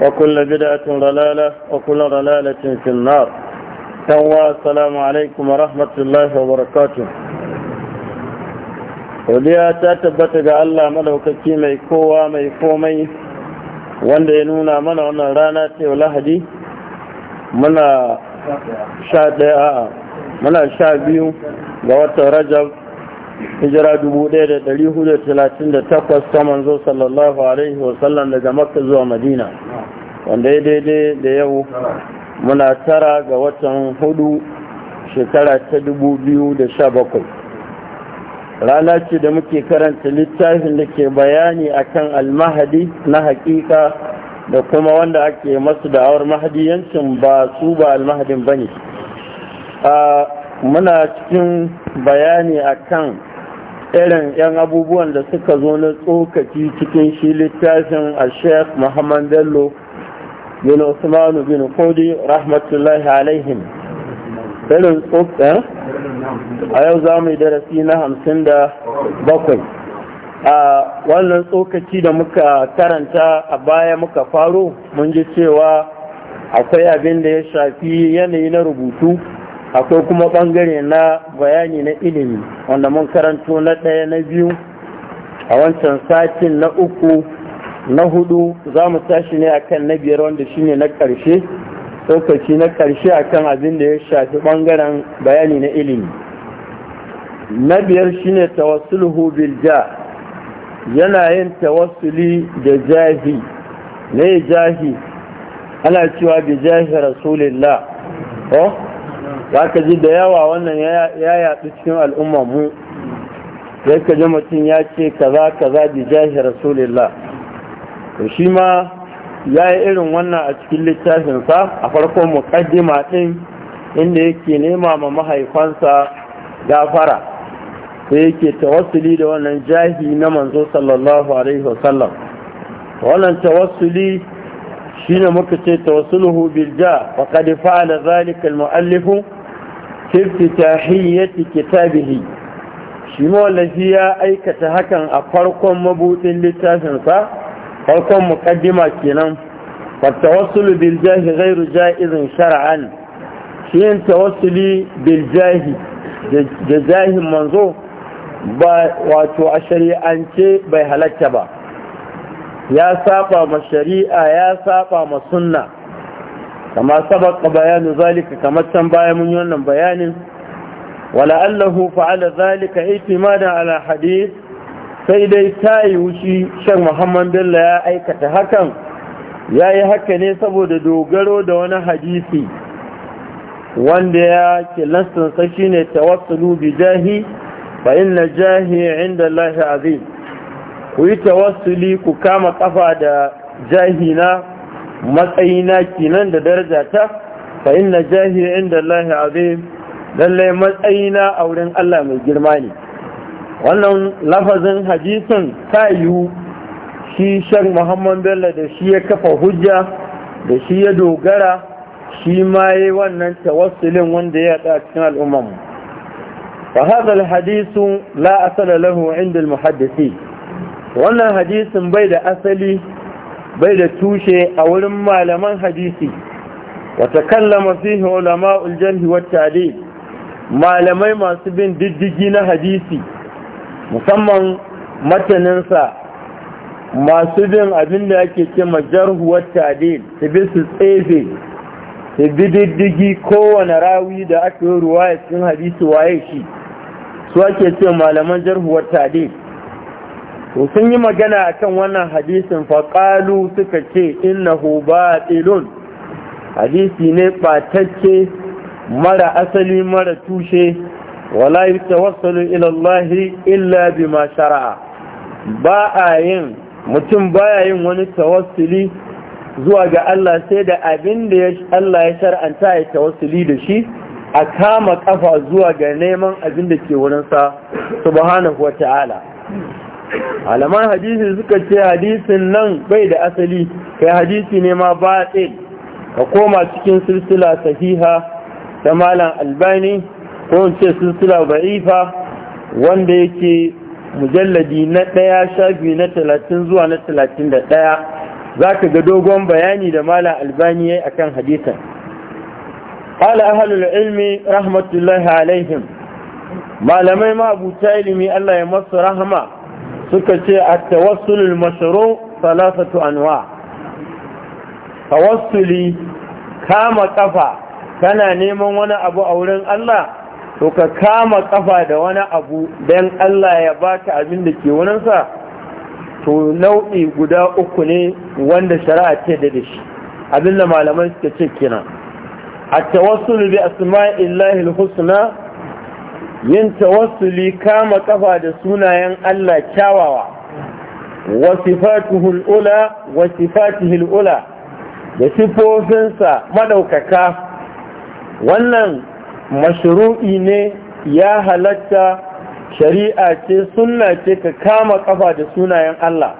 وكل بدعة ضلالة وكل ضلالة في النار تنوى السلام عليكم ورحمة الله وبركاته وديا تتبت ga Allah madaukaki mai kowa mai komai wanda ya nuna mana wannan rana ce Lahadi muna sha sha biyu ga watan Rajab hijira 1438 ta manzo sallallahu alaihi wasallam daga makka zuwa madina wanda ya daidai da yau muna tara ga watan hudu shekara ta da 2017 rana ce da muke karanta littafin da ke bayani akan almahadi na hakika da kuma wanda ake masu da'awar yancin ba su ba almahadin ne. muna cikin bayani akan irin 'yan abubuwan da suka zo na tsokaci cikin shi littafin a sheikh muhammad bello bin osmanu bin kodi rahmatullahi alaihim irin tsokaci eh? a yau za mu yi darasi na hamsin da bakwai a wannan tsokaci da muka karanta a baya muka faro mun ji cewa akwai abin da ya shafi yanayi na rubutu akwai kuma bangare na bayani na ilimi wanda mun karanto na ɗaya na biyu a wancan satin na uku na hudu za mu tashi ne akan na biyar wanda shine na ƙarshe tsokaci na ƙarshe akan abin da ya shafi ɓangaren bayani na ilimi na biyar shine tawassuluhu bilja ja yana yin tawassuli da jahi ne jahi ana cewa bi jahi rasulillah oh za ka ji da yawa wannan ya yaɗu cikin al'umma mu sai ka ji mutum ya ce kaza kaza bi jahi rasulillah to shi ma ya yi irin wannan a cikin littafinsa a farkon muƙaddima ɗin inda yake nema ma mahaifansa gafara sai yake tawassuli da wannan jahi na manzo sallallahu alaihi wasallam wannan tawassuli shine muka ce tawassuluhu bil ja wa qad fa'ala zalika al mu'allif fi iftitahiyyati kitabihi shi mawallafi ya aikata hakan a farkon mabudin littafin sa farkon muqaddima kenan fa tawassulu bil jahi ghairu ja'izin shar'an shi yin tawassuli bil jahi da jahin manzo ba wato a shari'ance bai halatta ba ya saba ma shari'a ya saba ma sunna kama sabaka bayanu zalika kamar can baya mun yi wannan bayanin wala allahu fa'ala zalika itimadan ala hadith sai dai ta yi wuci shan muhammad bello ya aikata hakan ya yi haka ne saboda dogaro da wani hadisi wanda ya ke lansansa shine tawassulu bi jahi fa inna jahi inda lahi azim ku yi tawassuli ku kama kafa da jahina matsayina kinan da darajata fa inna jahi inda Allah azim lalle matsayina a wurin Allah mai girma ne wannan lafazin hadisin tayu shi shan Muhammad Bello da shi ya kafa hujja da shi ya dogara shi ma yi wannan tawassulin wanda ya ta cikin al'umman fa hadal hadisu la asala lahu inda al muhaddisi wannan hadisin bai da asali bai da tushe a wurin malaman hadisi wata kallama fihi ulama uljanhi wata malamai masu bin diddigi na hadisi musamman mataninsa masu bin abin da ake ce majarhu wata su bi su tsefe su bi diddigi kowane rawi da aka yi ruwa cikin hadisi waye shi su ake ce malaman jarhu wata to sun yi magana akan wannan hadisin faƙalu suka ce innahu batilun hadisi ne ɓatacce mara asali mara tushe wala yatawassalu ila Allah illa bima shara'a ba a mutum baya yin wani tawassuli zuwa ga Allah sai da abin da Allah ya shar'anta ya tawassuli da shi a kama kafa zuwa ga neman abin da ke wurinsa subhanahu wa alaman hadisi suka ce hadisin nan bai da asali kai hadisi ne ma ba ka koma cikin silsila sahiha ta malam albani ko in ce silsila ba'ifa wanda yake mujalladi na ɗaya shafi na talatin zuwa na talatin da ɗaya za ka ga dogon bayani da malam albani ya yi a kan hadisan قال أهل rahmatullahi رحمة Malamai عليهم ما لم ilimi Allah Ya masu suka ce a tawassulul mashuru salasatu anwa tawassuli kama kafa kana neman wani abu a wurin Allah to ka kama kafa da wani abu don Allah ya baka abin da ke wurinsa to nau'i guda uku ne wanda shari'a ce da shi abin da malaman suka ce kenan a tawassul bi asma'illahi al-husna yin tawassuli kama kafa da sunayen Allah kyawawa wa sifatuhul ula wa sifatihil ula da sifofinsa madaukaka wannan mashru'i ne ya halatta shari'a ce sunna ce ka kama kafa da sunayen Allah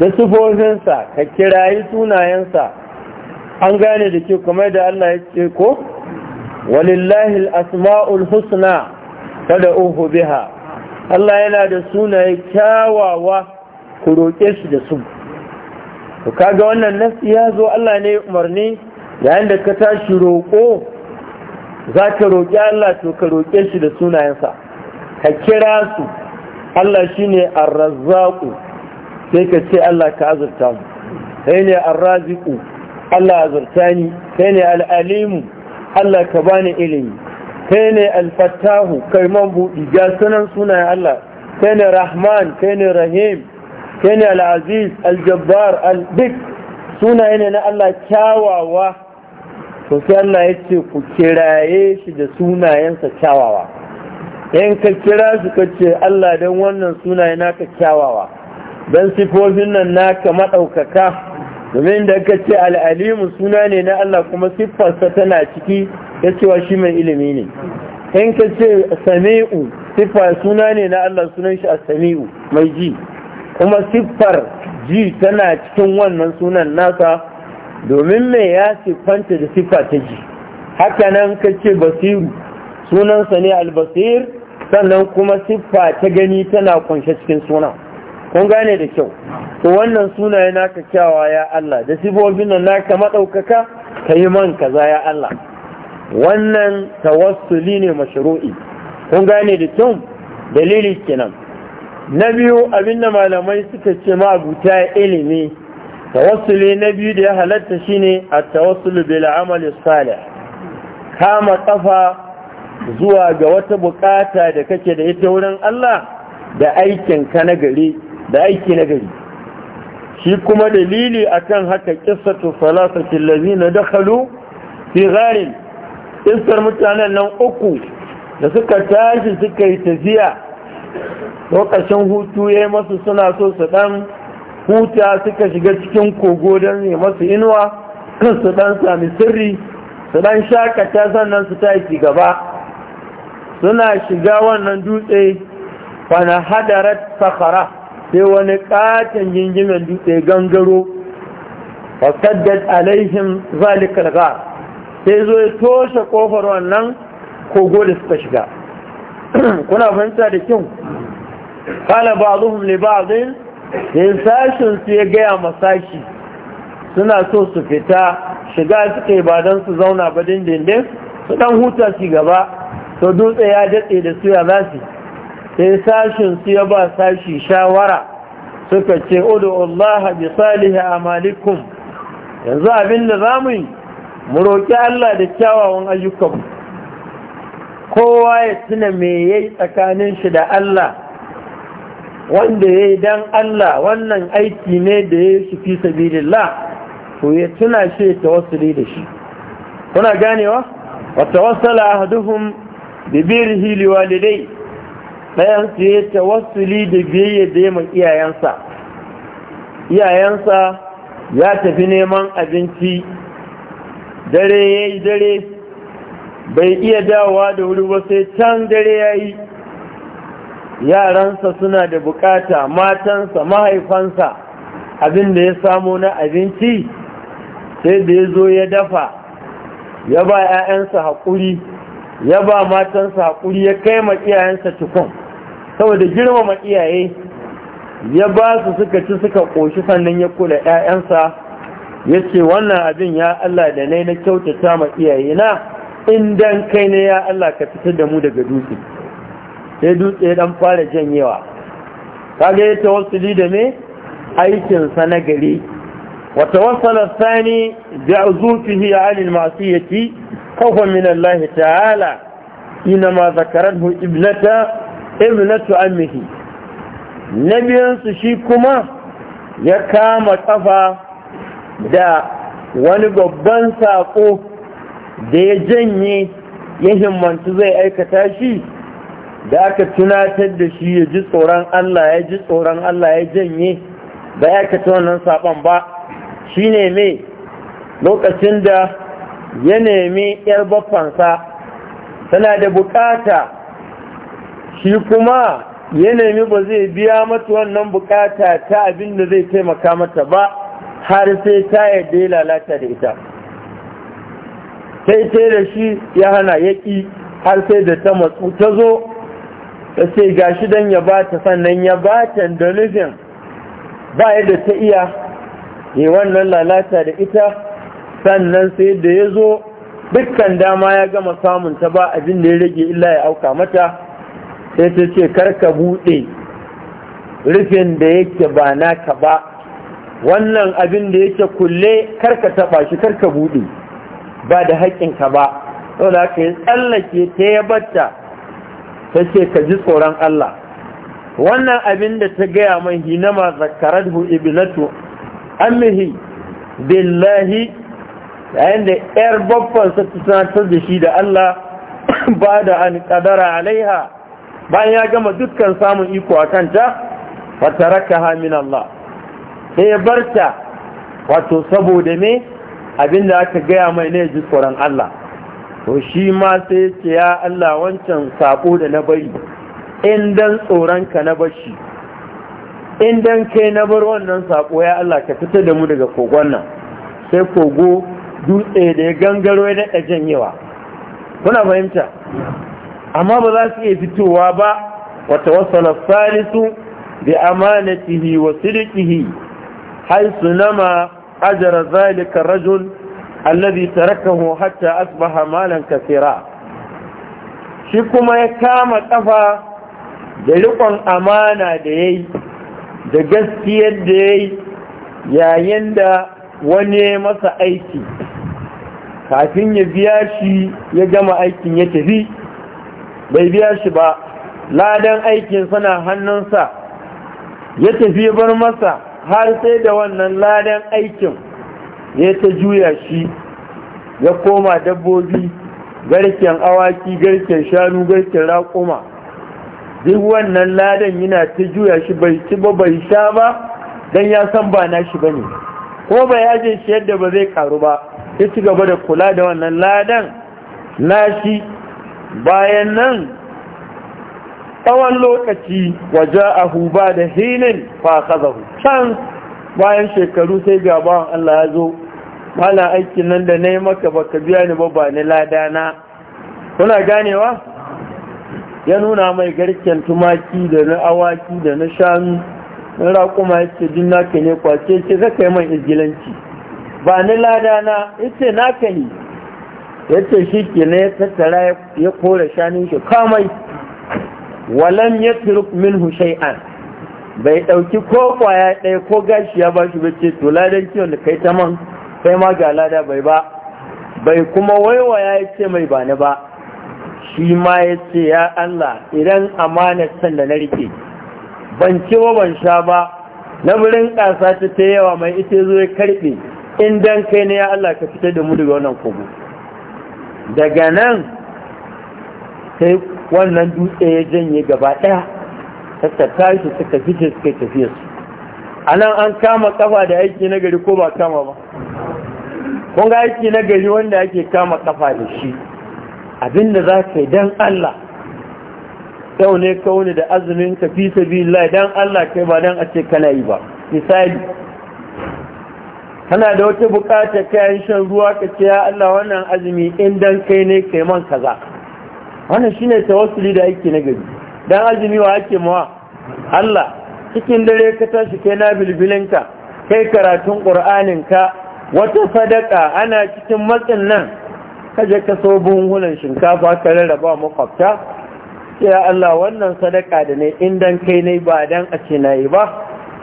da sifofinsa ka kirayi sunayensa an gane da ke kuma da Allah ya ce ko walillahi al-asma'ul husna kada uhu biha Allah yana da sunaye kyawawa ku roƙe shi da su to kaga wannan nasi ya zo Allah ne umarni yayin da ka tashi roƙo za ka roƙi Allah to ka roƙe shi da sunayensa ka kira su Allah shine ar-razzaqu sai ka ce Allah ka azurta mu sai ne ar Allah azurta ni sai ne al Allah ka bani ilimi kai ne alfattahu kai man buɗi ga sunan sunayen Allah kai ne rahman kai ne rahim kai ne al'aziz aljabbar al-dik sunaye ne na Allah kyawawa to sai Allah ya ce ku kiraye shi da sunayensa kyawawa in ka kira su ka ce Allah don wannan sunaye naka kyawawa don sifofin nan naka maɗaukaka domin da ka ce al'alimu suna ne na Allah kuma siffarsa tana ciki ya cewa shi mai ilimi ne in ka ce sami'u siffa suna ne na Allah sunan shi a sami'u mai ji kuma siffar ji tana cikin wannan sunan nasa domin mai ya siffanta da siffa ta ji haka nan ka ce basiru sunansa ne albasir sannan kuma siffa ta gani tana kunshe cikin suna kun gane da kyau to wannan suna ya naka kyawa ya Allah da sifofin nan naka maɗaukaka ka yi man kaza ya Allah wannan tawassuli ne mashru'i kun gane da kyau dalili kenan na biyu abinda malamai suka ce ma abuta ilimi tawassuli na biyu da ya halatta shine a tawassulu bil amali salih kama kafa zuwa ga wata bukata da kake da ita wurin Allah da aikin ka na gari da aiki na gari shi kuma dalili akan haka qissatu salasatil ladina dakhalu fi gharin iskar mutanen nan uku da suka tashi suka yi tafiya lokacin hutu ya yi masu suna so su ɗan huta suka shiga cikin kogo don ne masu inuwa kan su ɗan sami sirri su ɗan shakata sannan su tafi gaba suna shiga wannan dutse bana hadarar sakara sai wani katon gingimen dutse gangaro fasaddat alaihim zalikar gara sai zo ya toshe kofar wannan kogo da suka shiga kuna fahimta da kyau kala ba zuhun ne ba zai sashin su ya gaya masashi suna so su fita shiga suka yi ba don su zauna ba dindindin su dan huta su gaba to dutse ya datse da suya za su sai sashin su ya ba sashi shawara suka ce udu Allah bi salihi amalikum yanzu abin da zamu yi mu roƙi Allah da kyawawan ayyukanmu. kowa ya tuna me ya yi tsakanin shi da Allah wanda ya yi don Allah wannan aiki ne da ya yi su fi to ya tuna shi ya tawassuli da shi kuna ganewa wa tawassala ahaduhum bi birhi dai, dayan su ya tawassuli da biyayya da yamma iyayensa iyayensa ya tafi neman abinci dare ya yi dare bai iya dawowa da wuri ba sai can dare ya yi yaransa suna da bukata matansa mahaifansa abin da ya samo na abinci sai da ya zo ya dafa ya ba 'ya'yansa haƙuri ya ba matansa haƙuri ya kai ma iyayensa saboda girmama iyaye ya ba su suka ci suka ƙoshi sannan ya kula 'ya'yansa ya ce wannan abin ya Allah da nai na kyautata ma iyayena in dan kai ne ya Allah ka fitar da mu daga dutse sai dutse dan fara janyewa kaga ya tawassuli da me aikin sa na gari wa tawassala thani bi azufihi ala al-ma'siyati khawfan min Allah ta'ala ma zakarathu ibnata ibnatu ammihi nabiyansu shi kuma ya kama kafa da wani babban saƙo da ya janye ya himmantu zai aikata shi da aka tunatar da shi ya ji tsoron Allah ya ji tsoron Allah ya janye ba ya aikata wannan saƙon ba shi ne mai lokacin da ya nemi ‘yar baffansa tana da bukata shi kuma ya nemi ba zai biya mata wannan bukata ta abin da zai taimaka mata ba har sai ta yadda ya lalata da ita sai sai da shi ya hana ya ƙi har sai da ta matsu ta zo ta sai gashi don ya ba ta sannan ya ba ta da nufin ba yadda ta iya yi wannan lalata da ita sannan sai da ya zo dukkan dama ya gama samun ta ba abin da ya rage illa ya auka mata sai ta ce karka buɗe rufin da yake ba naka ba wannan abin da yake kulle karka taba shi karka bude ba da ka ba saboda haka ya tsallake ta yabata, ta ce ka ji tsoron Allah wannan abin da ta gaya man hinama zakararhu ibnatu amihi billahi yayin da yar babbansa ta tunatar da shi da Allah ba da an kadara alaiha bayan ya gama dukkan samun iko a kanta fataraka min Allah sai ya barta wato saboda me abinda aka gaya mai ne ji tsoron Allah to shi ma sai ce ya Allah wancan sako da na bari in dan tsoron na bashi in dan kai na bar wannan sako ya Allah ka fita da mu daga kogon nan sai kogo dutse da ya gangaro ya daɗa janyewa kuna fahimta amma ba za su iya fitowa ba wata wasu salisu bi amanatihi wa sidiqihi haisu nama ajara zalika rajul raka tarakahu hatta asbaha malan kasira shi kuma ya kama ƙafa da riƙon amana da yayi da gaskiyar da yayi yayin da wani masa aiki kafin ya biya shi ya gama aikin ya tafi bai biya shi ba ladan aikin sana hannunsa ya tafi bar masa har sai da wannan ladan aikin ya ta juya shi ya koma dabbobi garken awaki garken shanu garken raƙuma duk wannan ladan yana ta juya shi bai ci ba bai sha ba don ya san ba na shi ba ne ko bai ajiye shi yadda ba zai karu ba ya ci gaba da kula da wannan ladan na shi bayan nan tsawon lokaci waje a huba da hilin fakazahu can bayan shekaru sai ga bawan Allah ya zo mana aikin nan da na yi maka ka biya ni ba ba ni ladana kuna ganewa ya nuna mai garken tumaki da na awaki da na shanu na rakuma ya ce jin naka ne kwace ce zaka yi mai izgilanci ba ni ladana ya ce naka ne ya ce shi ke na ya tattara ya kora shanun shi kamai walam yatruk hushai hushai'an bai ɗauki ko kwaya ɗaya ko gashi ya bashi ba ce to ladan kiwon da kai ta man sai ma ga lada bai ba bai kuma waiwaya ya ce mai bani ba shi ma ya ce ya Allah idan amanar san da na rike ban ci ba ban sha ba na birin ƙasa ta ta yawa mai ita zo ya karɓe in dan kai ne ya Allah ka fitar da mu daga wannan kogo daga nan sai wannan dutse ya janye gaba ɗaya tattata su suka fice suka tafiya su a nan an kama kafa da aiki na gari ko ba kama ba kun ga aiki na gari wanda ake kama kafa da shi abinda za ka yi don Allah yau ne kauni da azumin ka fi sabi lai don Allah kai ba don a ce kana yi ba misali kana da wata bukata kayan shan ruwa ka ce ya Allah wannan azumi in don kai ne kai man kaza wannan shi ta tawassuli da aiki na gari Don azumi wa ake mawa Allah cikin dare ka tashi kai na bilbilinka kai karatun qur'anin wata sadaka ana cikin matsin nan kaje ka so buhunan shinkafa ka rarraba makwabta ya Allah wannan sadaka da ne in kai ne ba dan a ce nayi ba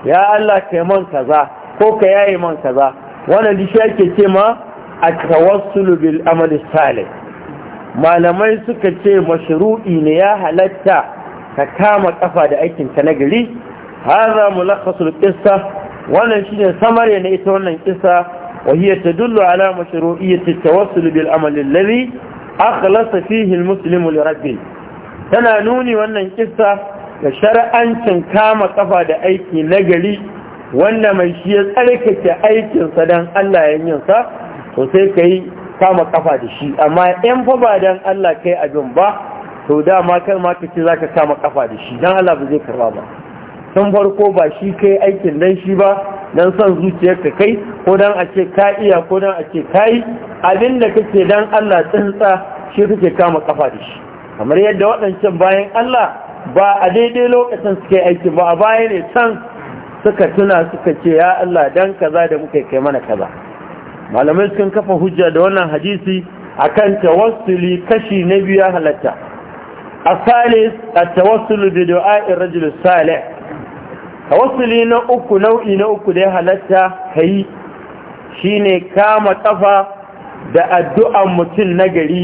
ya Allah kai man kaza ko ka yayi man kaza wannan dishi ake ce ma at-tawassulu bil amali salih malamai suka ce mashru'i ne ya halatta ka kama kafa da aikin ka na gari hadha mulakhasul qissa wannan shine samare na ita wannan kissa wa hiya tadullu ala mashru'iyyati tawassul bil amal alladhi akhlasa fihi al muslimu li rabbih tana nuni wannan kissa da shar'ancin kama kafa da aiki na gari wanda mai shi ya tsarkake aikinsa don Allah ya yin sa to sai ka yi kama kafa da shi amma yan fa ba dan Allah kai abin ba to dama kai ma kace zaka kama kafa da shi dan Allah ba zai karba ba tun farko ba shi kai aikin dan shi ba dan son zuciyar ka kai ko dan a ce ka iya ko dan a ce kai abin da kake dan Allah tsintsa shi kake kama kafa da shi kamar yadda waɗancan bayan Allah ba a daidai lokacin suke aiki ba a baya ne can suka tuna suka ce ya Allah dan kaza da muka kai mana kaza malamai sun kafa hujja da wannan hadisi akan tawassuli kashi na biyu halatta asalis at-tawassulu bi du'a'i rajul salih tawassuli na uku nau'i na uku da ya halatta kai shine kama kafa da addu'an mutum nagari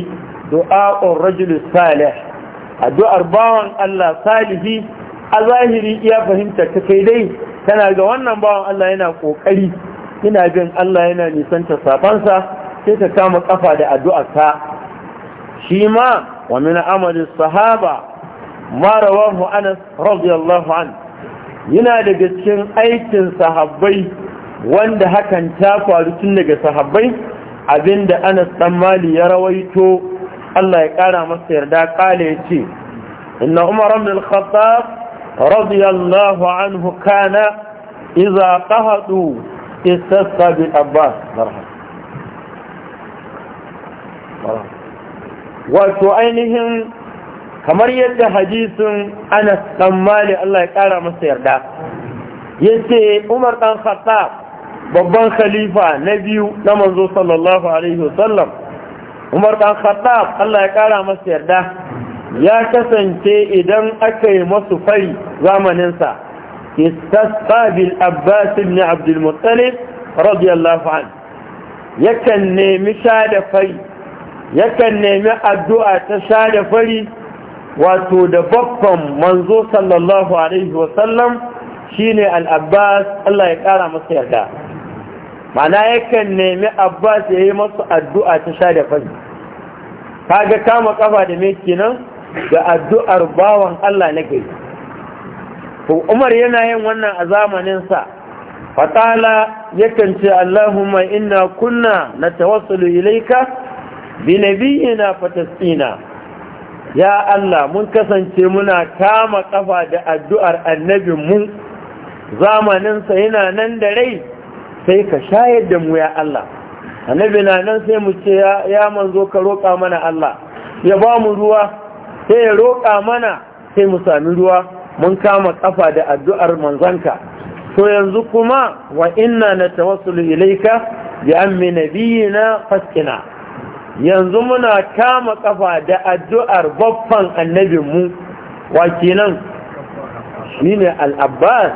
ar rajul salih addu'ar bawan Allah salihi a zahiri iya fahimta ta kai dai tana ga wannan bawan Allah yana kokari kina bin Allah yana nisanta sabansa sai ta kama kafa da addu'arta. shi ma wa min amali sahaba ma rawahu Anas radiyallahu an yana daga cikin aikin sahabbai wanda hakan ta faru tun daga sahabbai abinda Anas dan Mali ya rawaito Allah ya kara masa yarda kale yace inna Umar ibn al-Khattab radiyallahu anhu kana idza qahadu استسقى بالعباس مرحبا wato ainihin kamar yadda hadisin ana dan Allah ya ƙara masa yarda Ya ce Umar dan Khattab babban khalifa na biyu na manzo sallallahu alaihi wasallam Umar dan Khattab Allah ya ƙara masa yarda ya kasance idan aka yi masu fari zamaninsa istasqa bil abbas ibn abd al-muttalib radiyallahu anhu yakan nemi shada fai yakan nemi addu'a ta shada fari wato da babban manzo sallallahu alaihi wasallam shine al Allah ya kara masa yarda mana yakan nemi abbas ya yi masu addu'a ta shada fari kaga kama ƙafa da me kenan da addu'ar bawan Allah na gari to umar yana yin wannan a zamaninsa fatala yakan ce allahumma inna kunna na tawassulu ilaika bi nabiyina fatasina ya allah mun kasance muna kama kafa da addu'ar annabinmu zamaninsa yana nan da rai sai ka shayar da mu ya allah annabi na nan sai mu ce ya manzo ka roƙa mana allah ya ba mu ruwa sai ya roƙa mana sai mu sami ruwa mun kama kafa da addu'ar manzanka to yanzu kuma wa inna na tawassulu ilaika bi ammi nabiyina fasina yanzu muna kama kafa da addu'ar babban annabinmu wa kenan shine al-abbas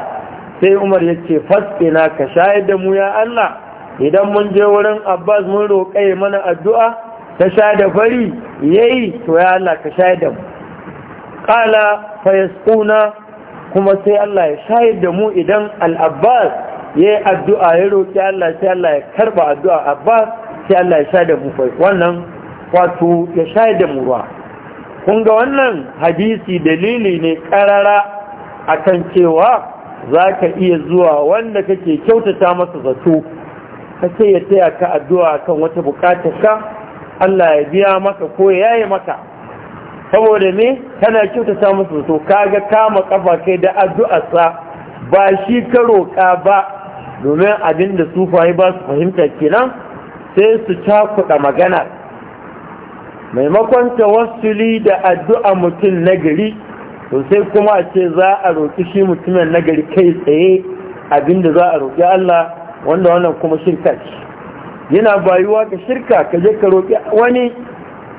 sai umar yace fasina ka shayar da mu ya Allah idan mun je wurin abbas mun roƙe mana addu'a ta sha da fari yayi to ya Allah ka shayar da mu qala fayasquna kuma sai Allah ya shayar da mu idan al-Abbas ya addu'a ya roki Allah sai Allah ya karba addu'a Abbas sai Allah ya shayar da mu wannan wato ya shayar da mu ruwa kun ga wannan hadisi dalili ne karara akan cewa za ka iya zuwa wanda kake kyautata masa zato ka ce ya taya ka addu'a kan wata bukatarka Allah ya biya maka ko ya yi maka saboda me tana kyautata musu to kaga kama kafa kai da addu'arsa ba shi ka roƙa ba domin abin da sufaye ba su fahimta kenan sai su cakuɗa magana maimakon tawassuli da addu'a mutum nagari to sai kuma a ce za a roƙi shi mutumin nagari kai tsaye abin da za a roƙi Allah wanda wannan kuma shirka yana bayuwa ka shirka ka je ka roƙi wani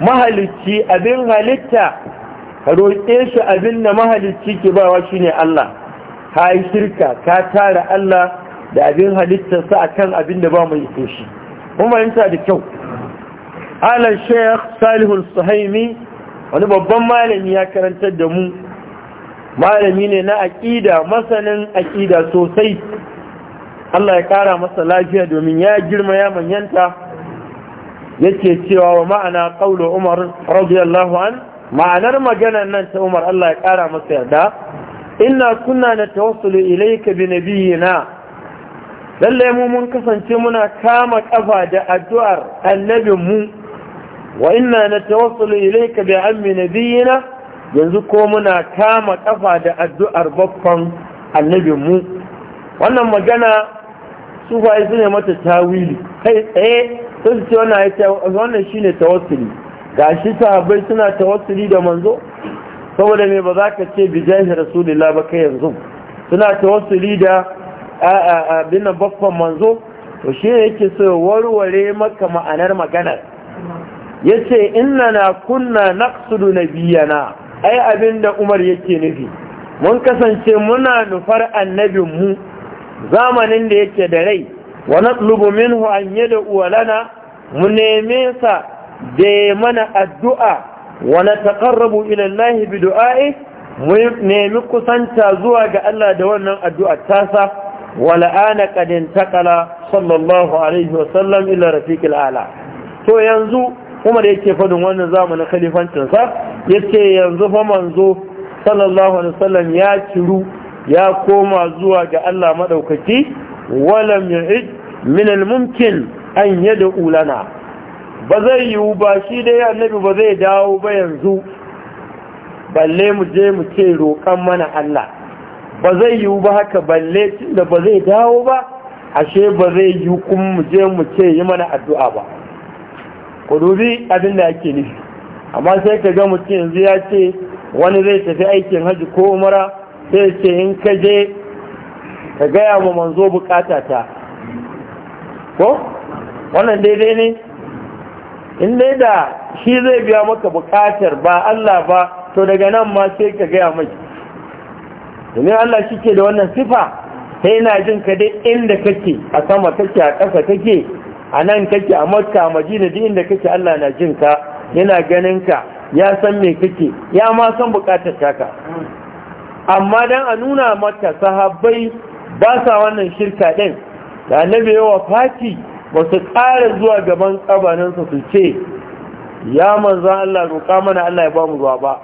mahalicci abin halitta ka roƙe shi abin da mahalicci ke bawa shi ne Allah ka yi shirka ka tara Allah da abin halittarsa a kan abin da ba mai iso shi kuma yanta da kyau halar sheikh salihul suhaimi wani babban malami ya karantar da mu malami ne na aƙida masanin aƙida sosai Allah ya ƙara masa lafiya domin ya girma ya manyanta yake cewa wa ma'ana ƙaunar umar radiyallahu an ma'anar maganar nan ta umar Allah ya kara masa yarda inna kunna natawassulu ilayka bi nabiyyina lalle mu mun kasance muna kama kafa da addu'ar annabin mu wa inna natawassulu ilayka bi ammi nabiyyina yanzu ko muna kama kafa da addu'ar babban annabin mu wannan magana su ba mata tawili kai tsaye sai ce wannan shine tawassuli gashi sahabbai suna tawassuli da manzo saboda mai ba za ka ce bijahi rasulillah ba kai yanzu suna tawassuli da abin nan baffan manzo to shi yake so warware maka ma'anar maganar Ya ce yace na kunna na naqsudu nabiyana ai da Umar yake nufi mun kasance muna nufar annabin mu zamanin da yake da rai wa natlubu minhu an yad'u lana mu neme sa da mana addu'a wa nataqarrabu ilallahi Allah bi du'a'i mu nemi kusanta zuwa ga Allah da wannan addu'a tasa wa la'ana ƙadin taƙala sallallahu alaihi wa ila rafiƙil ala to yanzu kuma da yake fadin wannan zamanin khalifancin ya ce yanzu fa manzo sallallahu alaihi wasallam ya ciru ya koma zuwa ga Allah maɗaukaki walam ya'id min al-mumkin an yad'u ba zai yiwu ba shi dai annabi ba zai dawo ba yanzu balle mu je mu ce roƙan mana Allah ba zai yiwu ba haka balle tunda ba zai dawo ba ashe ba zai yiwu kuma mu je mu ce yi mana addu'a ba ku dubi abin da ake nufi amma sai ka ga mutum yanzu ya ce wani zai tafi aikin hajji ko umara sai ce in ka je ka gaya ma manzo bukata ta ko wannan daidai ne in dai da shi zai biya maka bukatar ba Allah ba to daga nan ma sai ka gaya mai domin Allah shi ke da wannan sifa sai na jin ka dai inda kake a sama kake a ƙasa kake a nan kake a makka a madina duk inda kake Allah na jin ka yana ganin ka ya san me kake ya ma san bukatar taka amma dan a nuna maka sahabbai ba sa wannan shirka ɗin da annabi yawa fati ba su ƙara zuwa gaban ƙabaninsa su ce ya manzan Allah roƙa mana Allah ya ba mu zuwa ba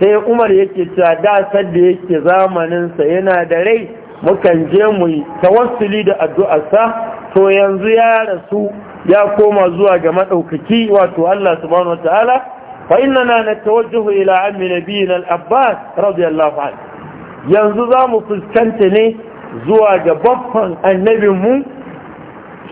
sai umar yake cewa da yake zamaninsa yana da rai mukan je mu yi tawassuli da addu'arsa to yanzu ya rasu ya koma zuwa ga madaukaki wato Allah subhanahu wataala fa inna na tawajjuhu ila ammi nabiyina al-abbas radiyallahu anhu yanzu za mu fuskanta ne zuwa ga babban annabinmu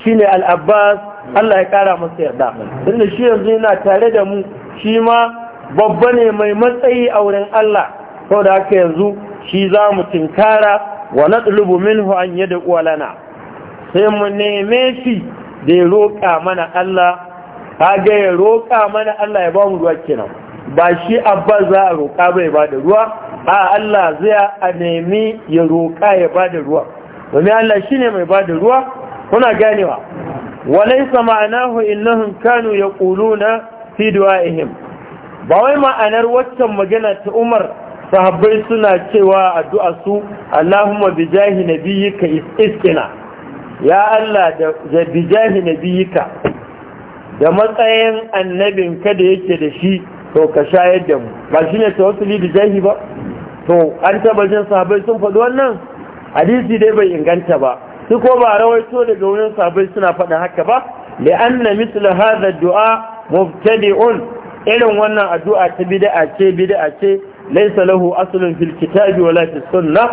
shi ne al'abbas Allah ya kara masa yarda inda shi yanzu yana tare da mu shi ma babba ne mai matsayi a wurin Allah sau da haka yanzu shi za mu tinkara wa naɗulubu minhu an yi da ƙwalana sai mu neme shi da ya roƙa mana Allah ga ya roƙa mana Allah ya ba mu ruwa kenan ba shi abba za a roƙa bai ba da ruwa a Allah zai a nemi ya roƙa ya ba da ruwa domin Allah shi ne mai ba da ruwa kuna ganewa walaisa ma'anahu innahum kanu ya na fi duwa'ihim ba wai ma'anar waccan magana ta umar sahabbai suna cewa addu'a su Allahumma bijahi nabiyyika iskina ya Allah da bijahi nabiyyika da matsayin annabinka da yake da shi to ka shayar da mu ba shine tawassuli da jahi ba to an taba jin sahabbai sun faɗi wannan hadisi dai bai inganta ba su ko ba rawaito da wurin sahabai suna faɗin haka ba an na mithla hadha du'a mubtadi'un irin wannan addu'a ta bid'a ce bid'a ce laysa lahu aslun fil kitabi wala sunna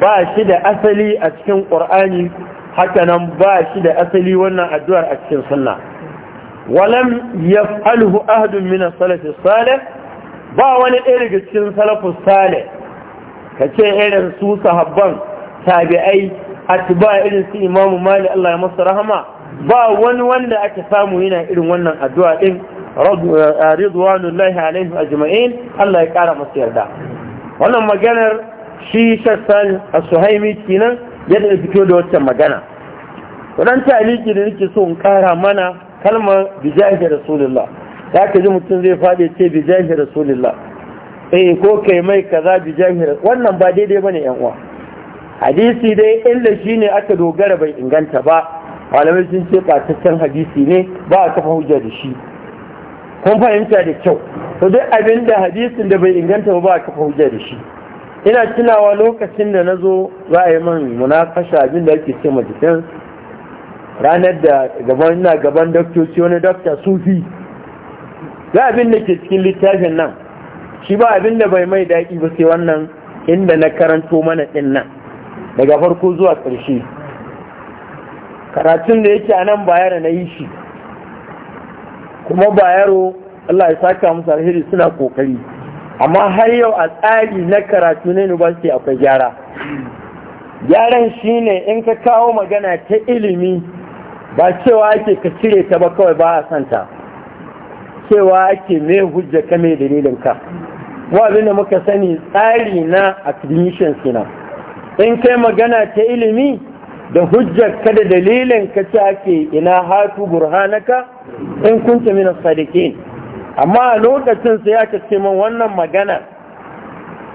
ba shi da asali a cikin qur'ani haka nan ba shi da asali wannan addu'ar a cikin sunna walam yaf'alhu ahadun min as-salaf ba wani ɗaya daga cikin salafus salih kace irin su sahabban tabi'ai atba irin su imamu mali Allah ya masa rahma, ba wani wanda aka samu yana irin wannan addu'a din eh, ridwanullahi a ajma'in Allah ya kara masa yarda wannan maganar shi shassan as-suhaimi kinan yadda ya fito da wacce magana wannan taliki da nake so in kara mana kalmar bijahi rasulullah ya ka ji mutum zai faɗi ce bijahi rasulullah eh ko kai mai kaza bijahi wannan ba daidai bane yan uwa hadisi dai illa shine aka dogara bai inganta ba malamai sun ce ɓataccen hadisi ne ba a kafa hujja da shi kun fahimta da kyau to duk abin da hadisin da bai inganta ba a kafa hujja da shi ina tunawa lokacin da na zo za a yi man munakasha abin da ake ce ma ranar da gaban na gaban doktoci wani dokta sufi ga abin da ke cikin littafin nan shi ba abin da bai mai daɗi ba sai wannan inda na karanto mana ɗin nan daga farko zuwa ƙarshe karatun da yake a nan bayara na yi shi kuma bayaro Allah ya saka musu alheri suna kokari amma har yau a tsari na karatu na university akwai gyara gyaran shine in ka kawo magana ta ilimi ba cewa ake ka cire ta ba kawai ba a santa cewa ake mai hujja ka mai dalilin ka mu abinda muka sani tsari na admission suna in kai magana ta ilimi da hujja ka da dalilin ka ce ake ina hatu burhanaka in kunta mina sadiqin amma a lokacin sai aka ce min wannan magana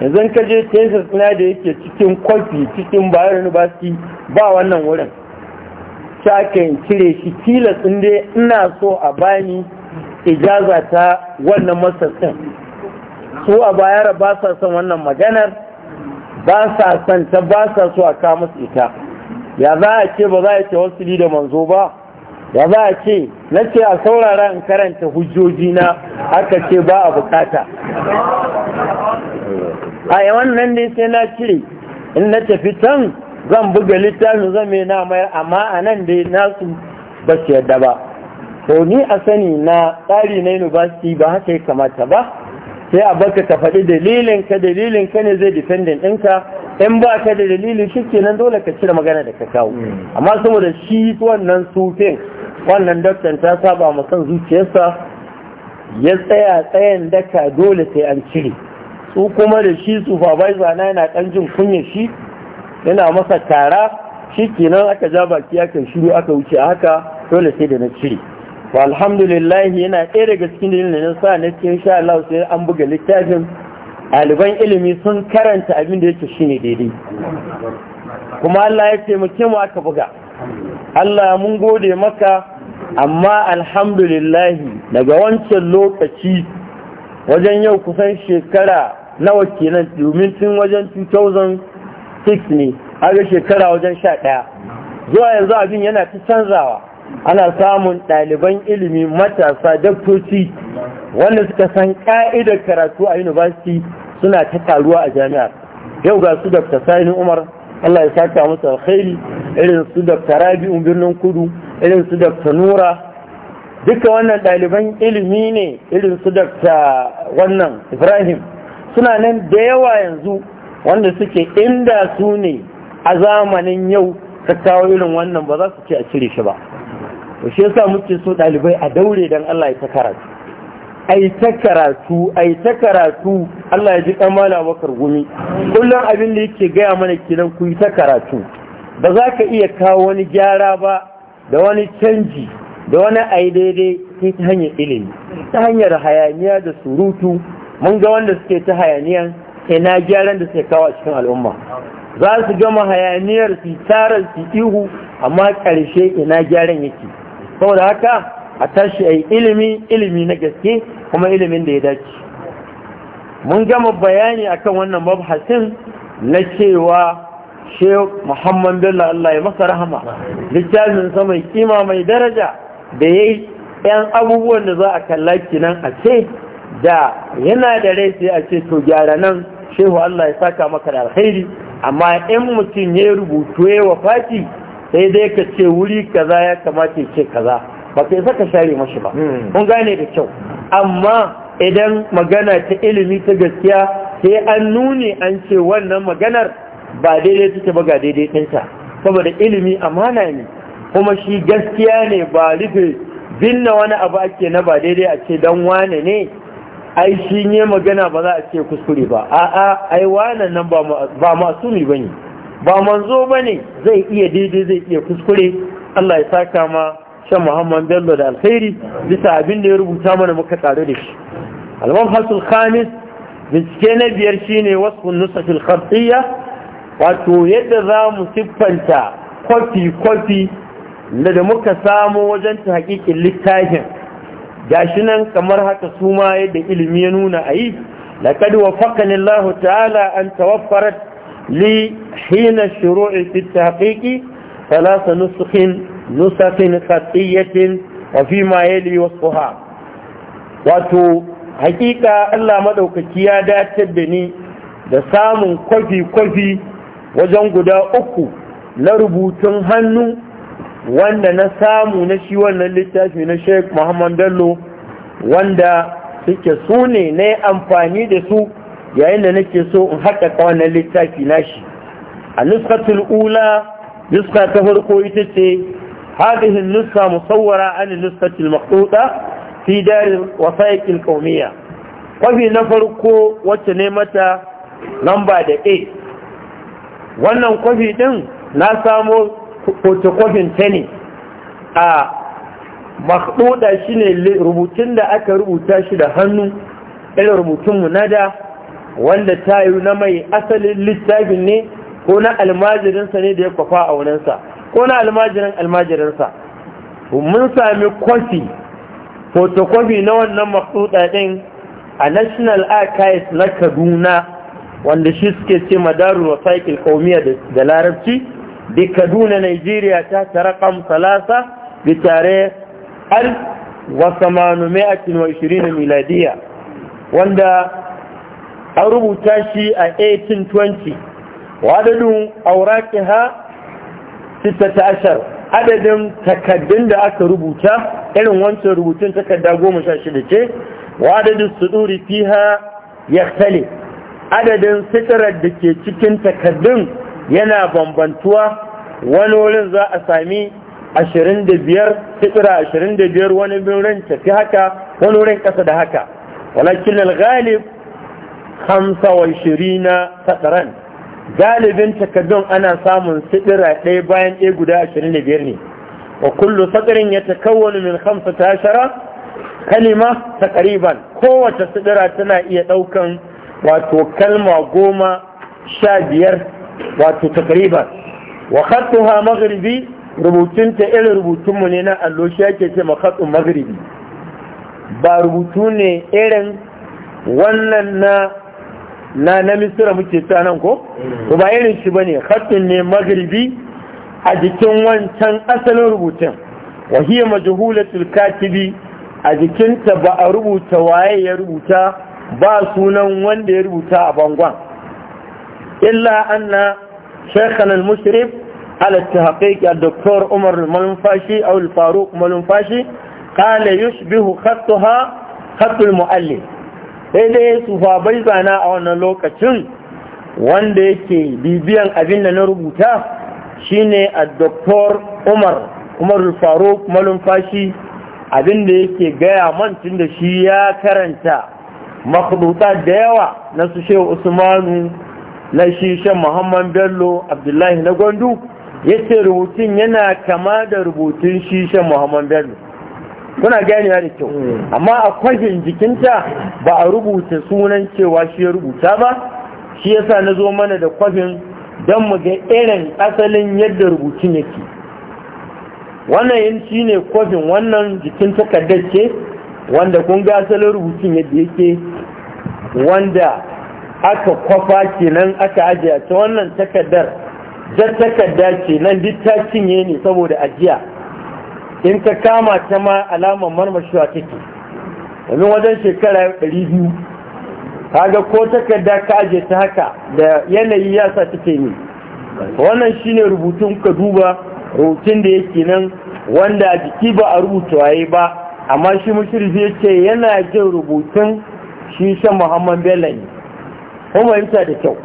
yanzu ka je tesis na da yake cikin kwafi cikin bayan university ba wannan wurin shi cire shi tilas in dai ina so a bani ijaza ta wannan masassin su a bayar ba sa son wannan maganar ba sa son ta ba sa so a kama su ita ya za a ce ba za a ce wasu da manzo ba ya za a ce na ce a saurara in karanta hujjoji na aka ce ba a bukata a yawan nan dai sai na cire in na tafi can zan buga littafin zan mai na mayar amma a nan dai nasu ba su yadda ba to ni a sani na tsari na university ba haka ya kamata ba sai a baka ka faɗi dalilin ka dalilin ka ne zai defendin ɗinka in ba ka da dalilin shi kenan dole ka cire magana da ka kawo hmm. amma saboda shi wannan sufin wannan daktan ta saba ma kan zuciyarsa ya tsaya tsayan daka dole sai an cire su kuma da shi supervisor na yana ɗan jin kunyar shi yana masa tara shi kenan aka ja baki aka shiru aka wuce a haka dole sai da na cire wa alhamdulillah yana ɗaya daga cikin dalilin na sa na cikin sha Allah sai an buga littafin ɗaliban ilimi sun karanta abin da yake shine daidai kuma Allah ya muke mu aka buga Allah mun gode maka amma alhamdulillah daga wancan lokaci wajen yau kusan shekara nawa kenan domin tun wajen 6 ne har shekara wajen sha ɗaya. zuwa yanzu abin yana ta canzawa ana samun ɗaliban ilimi matasa daktoci wanda suka san ƙa'idar karatu a university suna ta taruwa a jami'ar yau ga su dr sani umar allah ya saka musu alkhairi irin su dr Rabi'u birnin kudu irin su dr nura duka wannan ɗaliban ilimi ne irin su dr wannan ibrahim suna nan da yawa yanzu wanda suke inda su ne a zamanin yau ka kawo irin wannan ba za su ce a cire shi ba to shi yasa muke so ɗalibai a daure don Allah ya ta karatu ai ta karatu ai ta karatu Allah ya ji kamala bakar gumi kullum abin da yake gaya mana kinan ku yi ta karatu ba za ka iya kawo wani gyara ba da wani canji da wani ai daidai sai ta hanyar ilimi ta hanyar hayaniya da surutu mun ga wanda suke ta hayaniyan ina gyaran da suka kawo a cikin al'umma za su gama hayaniyar su tarar su ihu amma ƙarshe ina gyaran yake saboda haka a tashi a yi ilimi ilimi na gaske kuma ilimin da ya dace mun gama bayani akan wannan mabhasin na cewa shehu muhammad bello allah ya masa rahama littafin sa mai kima mai daraja da ya yi yan abubuwan da za a kalla kinan a ce da yana da rai sai a ce to gyara nan shehu Allah ya saka maka da alkhairi amma in mutum ya rubutu ya wafati sai dai ka ce wuri kaza ya kamata ce kaza ba ka saka share mashi ba kun hmm. gane da kyau amma idan magana ta ilimi ta gaskiya sai an nuni an ce wannan maganar ba daidai take ba ga daidai ɗinta saboda ilimi amana ne kuma shi gaskiya ne ba rufe Binna wani abu ake na ba daidai a ce dan wane ne ai shi ne magana ba za a ce kuskure ba a'a ai wannan nan ba masumi bane ba manzo bane zai iya daidai zai iya kuskure Allah ya saka ma shan Muhammad Bello da alkhairi bisa abin da ya rubuta mana muka tsare da shi Alman mabhasul khamis bincike na biyar shine wasfun nusatil khartiyya wato yadda za mu siffanta kwafi kwafi da muka samu wajen ta hakikin littafin gashi nan kamar haka su ma yadda ilimi ya nuna a yi laƙad wa ta'ala an tawaffarat li hina shuru'i fi taƙiƙi talata nusukin nusakin khatiyyatin wa fi ma yali wasu ha wato haƙiƙa allah maɗaukaki ya dacar da ni da samun kwafi-kwafi wajen guda uku na rubutun hannu wanda na samu na shi wannan littafi na Sheikh muhammad bello wanda suke su ne na yi amfani da su yayin da nake so in haka wannan littafi na shi a nuskatul ula nuska ta farko ita ce hadihin nuska musawwara an nuskatul maƙuɗa fi darin wasa'ikin ƙaumiya kwafi na farko wacce ne mata lamba da a wannan kwafi ɗin na samo fotokofin ta ne a shi ne rubutun da aka rubuta shi da hannu irin rubutunmu na da wanda yi na mai asalin littafin ne ko na almajirinsa ne da ya kwafa a wurinsa ko na almajirin almajirinsa mun sami kwafi fotokofi na wannan makhduda din a national archives na kaduna wanda shi suke ce madarul wasaikil kaumiya da larabci da kaduna nigeria ta tara salasa da tare al wasamanu a cinwa ishirin miladiya wanda an rubuta shi a 1820 wadadin auraki ha 16 adadin takaddun da aka rubuta irin wancan rubutun takadda 16 ce suɗuri fi ha ya adadin sitarar da ke cikin takaddun yana bambantuwa wani wurin za a sami 25 fitira 25 wani wurin tafi haka wani wurin kasa da haka walakin al-ghalib 25 sadaran galibin takaddun ana samun sidira ɗaya bayan ɗaya guda 25 ne wa kullu sadirin ya takawwani min 15 kalima ta ƙariban kowace sidira tana iya ɗaukan wato kalma goma sha biyar wato takriban wa khattuha maghribi rubutun ta irin rubutun mu ne na allo shi yake ce makhatun maghribi ba rubutu ne irin wannan na na na misira muke ta nan ko to ba irin shi bane khatun ne maghribi a jikin wancan asalin rubutun wa hiya majhulatul katibi a jikinta ba a rubuta waye ya rubuta ba sunan wanda ya rubuta a bangon illa anna shaykhan al-mushrif على التحقيق الدكتور عمر المنفاشي أو الفاروق المنفاشي قال يشبه خطها خط المؤلف daidai su fabai zana a wannan lokacin wanda yake bibiyan abin na rubuta shine a doktor umar umar faruk malumfashi abinda da yake gaya man tun da shi ya karanta makhduta da yawa na su shehu usmanu na shan muhammad bello abdullahi na gwandu ya ce rubutun yana kama da rubutun shan muhammad bello kuna gani da kyau hmm. amma a kwajin jikinta ba a rubuta sunan cewa shi ya rubuta ba shi yasa na zo mana da kwafin don mu ga irin asalin yadda rubutun yake wannan yin shi ne kwafin wannan jikin takardar ce wanda kun ga asalin rubutun yadda yake wanda aka kwafa kenan aka ajiya ta wannan takardar jar takarda kenan duk ta cinye ne saboda ajiya in ka kama ta ma alamar marmashiwa take domin wajen shekara 200 kaga ko takarda ka ajiye ta haka da yanayi ya sa take ne wannan shine rubutun ka duba rubutun da yake nan wanda a jiki ba a rubuta waye ba amma shi mashirin zai ce yana jin rubutun shi shan muhammad bello ne kuma fahimta da kyau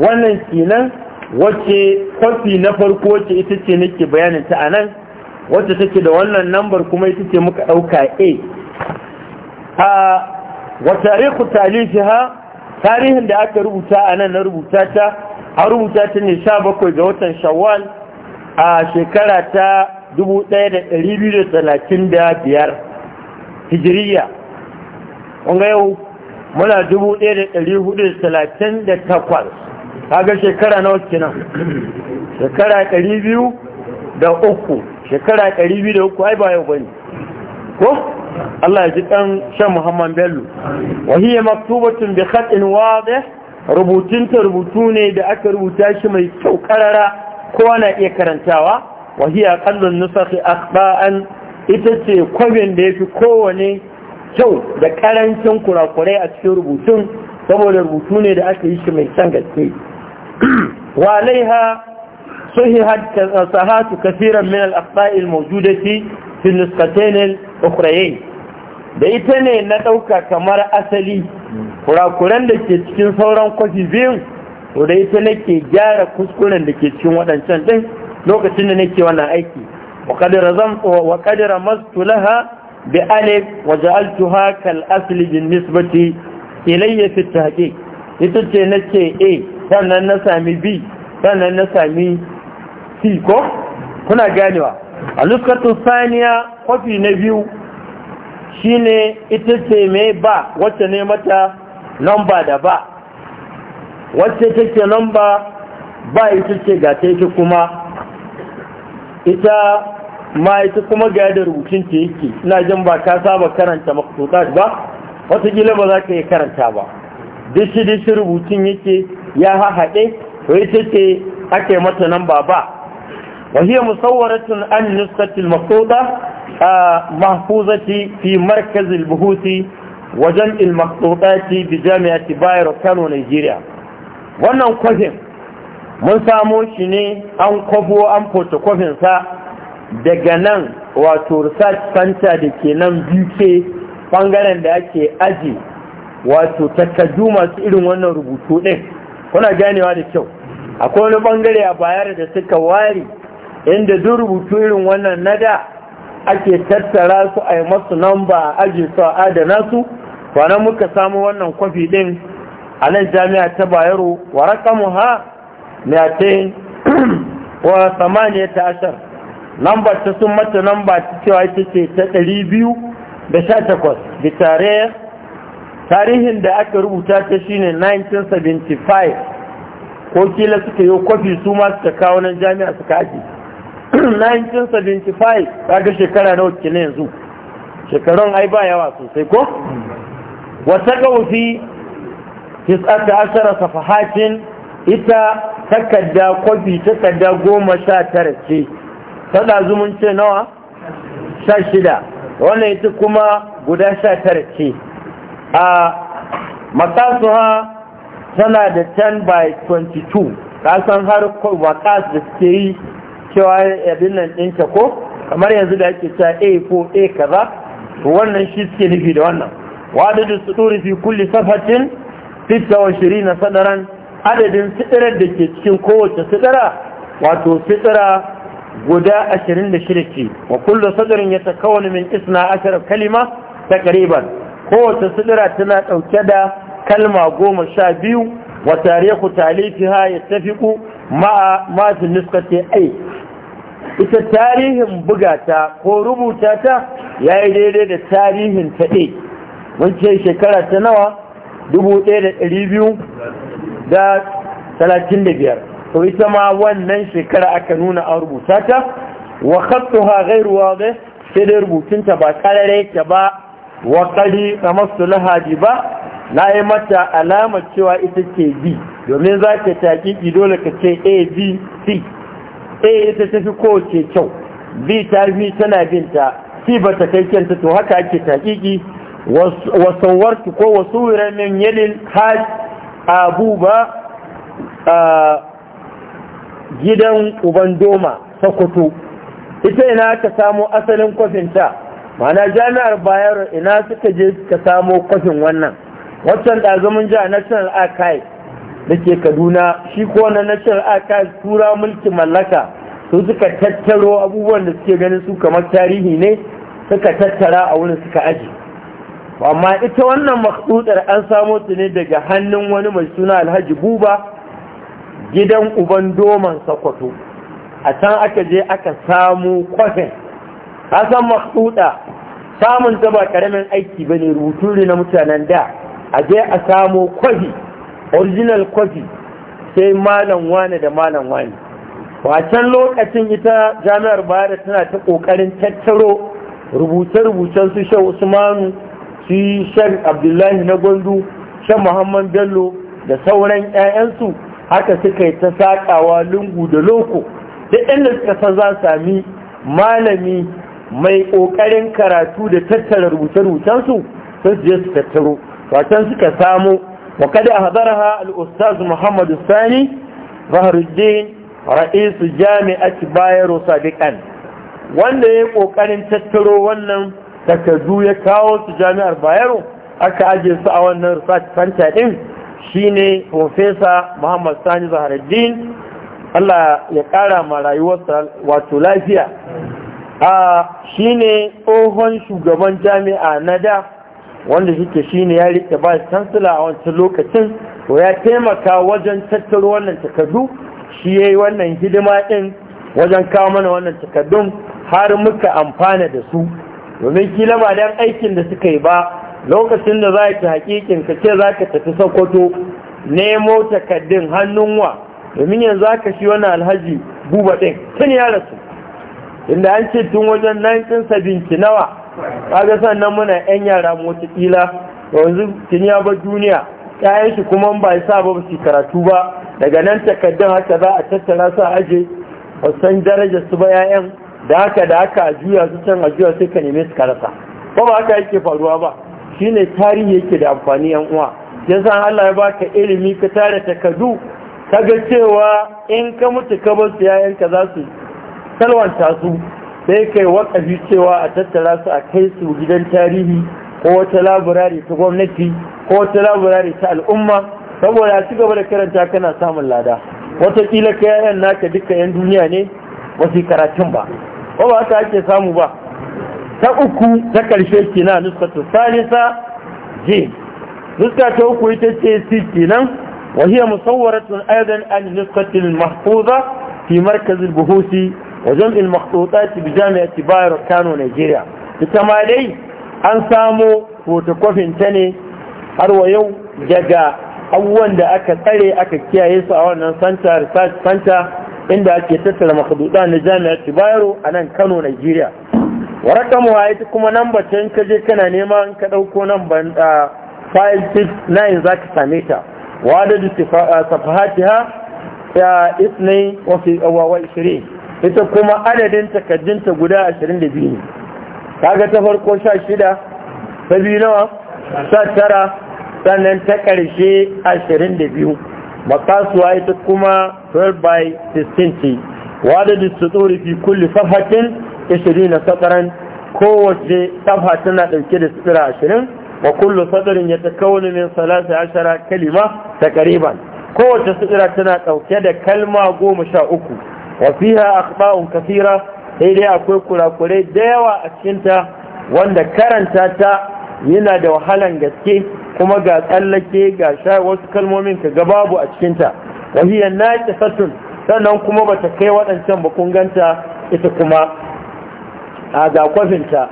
wannan kenan wacce kwafi na farko wacce ita ce nake bayanin ta a nan wacce take da wannan lambar kuma ita ce muka ɗauka a a wa tarihu talifiha tarihin da aka rubuta a nan na rubuta ta a rubuta ta ne sha bakwai ga watan shawwal a shekara ta 1235 hijiriya kun yau muna 1438 ga shekara nawa kenan shekara biyu da uku shekara biyu da uku ai ba yau bane ko Allah ya ji ɗan shan Muhammad Bello wa maktubatun bai haɗin waɗe rubutunta rubutu ne da aka rubuta shi mai kyau ƙarara? kowa na iya karantawa wa ƙallon qallun akbaan ita ce kwabin da ya fi kowane kyau da karancin kurakurai a cikin rubutun saboda rubutu ne da aka yi shi mai san gaske wa alaiha صححت صحات كثيرا من الأخطاء الموجودة nusqatayn al الأخريين da ita ne na ɗauka kamar asali kurakuran da ke cikin sauran kwafi biyun to da ita nake gyara kuskuren da ke cikin waɗancan ɗin lokacin da nake wannan aiki wa qadara masu laha bi alif wa ja'altuha kal asli bin nisbati ilayya fi tahqiq ita ce nace a sannan na sami b sannan na sami c ko kuna ganewa a nuskatu saniya kwafi na biyu shine ita ce mai ba wacce ne mata lamba da ba wacce take lamba ba ita ce ga ta kuma ita ma ita kuma ga da rubutun ta yake ina jin ba ka saba karanta maktutat ba watakila ba za ka yi karanta ba dishi dishi rubutun yake ya haɗe, to ita ce ake mata nan ba ba وهي مصورة عن نسخة المقصودة محفوظة في مركز البحوث وجمع da jami'ati بايرو kano nigeria wannan kwafin mun samo shi ne an kwafo an sa. daga nan wato research center da ke nan uk bangaren da ake aji wato takardu masu irin wannan rubutu ɗin kuna ganewa da kyau akwai wani bangare a bayar da suka ware inda duk rubutu irin wannan na da ake tattara su a yi masu namba a aji su a adana su kwanan muka samu wannan kwafi ɗin a nan jami'a ta bayero wa rakamu ha 218 lambar ta sun mata lamba ta cewa ita ce ta ɗari biyu da sha takwas da tare tarihin da aka rubuta ta shine 1975 ko kila suka yi kwafi su masu ta kawo nan jami'a suka ake 1975 ga shekara na wakilin yanzu shekarun ai ba yawa sosai ko wata gaufi aka asara safahatin ita takarda kwafi takarda goma sha tara ce tada zumun ce nawa sha shida wannan ita kuma guda sha tara ce a ha tana da 10 by 22 kasan har makas da suke yi cewa abin nan ɗinta ko kamar yanzu da ake ta a ko a kaza wannan shi suke nufi da wannan wadadin ɗori fi kulli safatin fita wa shiri na sadaran adadin sidirar da ke cikin kowace sidira wato sidira guda ashirin da shida ce wa kullum sadrin ya wani min isna ashirar kalima ta ƙariban kowace sadira tana ɗauke da kalma goma sha biyu wa tarihu ha ya tafiku ma'a masu nuskata ai ita tarihin bugata ko rubuta ta ya yi daidai da tarihin ta mun wancan shekara ta nawa dubu ɗaya da ɗari biyu da talatin da biyar to ita ma wannan shekara aka nuna a rubuta ta wa khattuha ghairu wadih sai dai rubutunta ba karare yake ba wa qali tamassu laha ba na yi mata alama cewa ita ce b domin za ka taƙiƙi dole ka ce a b c a ita fi kowace kyau b ta fi tana binta c ba ta kai kyanta to haka ake taƙiƙi wasu ko wasu wiramin yalin hajj abu ba gidan uban doma sokoto ita ina ta samu asalin kwafinta mana jami'ar bayero ina suka je suka samu kwafin wannan waccan ɗazumin jiha national archives da ke kaduna shi ko na national archives tura mulki mallaka su suka tattaro abubuwan da suke ganin su kamar tarihi ne suka tattara a wurin suka aji amma ita wannan makhdudar an samo ta ne daga hannun wani mai suna alhaji buba gidan uban doman sakwato a can aka je aka samu kwafin kasan maksuda samun ta ba karamin aiki ba ne ruturi na mutanen da a je a samu kwafi original kwafi sai malam wane da malam wane can lokacin ita jami'ar bayar tana ta kokarin tattaro rubuce-rubucen su shan usmanu su shan abdullahi na gwandu shan muhammad bello da sauran 'ya'yansu haka suka yi ta saƙawa lungu da loko da inda suka san za sami malami mai ƙoƙarin karatu da tattara rubuce-rubucensu sun je su tattaro wacan suka samu wa kada a ha al'ustaz muhammadu sani zaharuddin ra'isu jami'at bayero sadiqan wanda ya ƙoƙarin tattaro wannan takardu ya kawo su jami'ar bayero aka ajiye su a wannan research center din. shine profesa muhammad sani zaharuddin allah ya kara ma rayuwarsa wato lafiya a shine tsohon shugaban jami'a na da wanda shike shine ya rike ba kansila a wancan lokacin to ya taimaka wajen tattaro wannan takardu shi ya yi wannan hidima ɗin wajen kawo mana wannan takardun har muka amfana da su domin kila ba dan aikin da suka yi ba lokacin da za ki hakikin ka ce za ka tafi sokoto nemo takaddun hannun wa domin yanzu ka shi wani alhaji buba ɗin tun ya rasu inda an ce tun wajen 1970 nawa kaga sannan muna yan yara motakila yanzu tun ya bar duniya ƴaƴan shi kuma ba ya sa ba su karatu ba daga nan takaddun haka za a tattara su a aje san daraja su ba 'ya'yan da haka da haka a juya su can a juya sai ka neme su karasa ba ba haka yake faruwa ba Shi ne tarihi yake da amfani yan uwa san Allah ya baka ilimi ka tare takadu ga cewa in ka mutu ka bar su yayan ka za su salwanta su sai kai wakafi cewa a tattara su a kai su gidan tarihi ko wata laburari ta gwamnati ko wata laburari ta al'umma saboda ci gaba da karanta kana samun lada wataƙila ka yayan naka duka yan duniya ne ba su karatun ba ko ba haka ake samu ba ta uku ta karshe kina nuskatu salisa ji nuska ta uku ita ce si kinan وهي fi أيضا عن النسخة المحفوظة في مركز jami'a وجمع المخطوطات Kano nigeria كانو نيجيريا dai, an samu fotokofin ta ne har wa yau daga abubuwan da aka tsare aka kiyaye su a wannan santa research center inda ake tattara makaduda na jami'ar bayero a nan kano nigeria warakamu a yi kuma number ta kaje ka je kana nema in ka dauko number 569 ka same ta wa safahati ha ya isnai wa 20 ita kuma adadin takaddinta guda 22 ne kaga ta farko 16 ta biyu nawa 19 sannan ta ƙarshe 22 makasuwa ita kuma 12 by 16 wadda da su tsori fi kulli safahatin na sataran kowace safha tana ɗauke da sutura ashirin, wa kullu sadarin ya kawuni min salasa ashara kalima ta ƙariban. kowace sutura tana ɗauke da kalma goma sha uku wa fiha akhba'un kafira, sai dai akwai kurakurai da yawa a cikinta wanda karanta ta yana da wahalan gaske kuma ga tsallake ga sha wasu kalmomin ka gababu babu a cikinta wahiyar na sannan kuma bata kai waɗancan ba kun ita kuma a ga kwafinta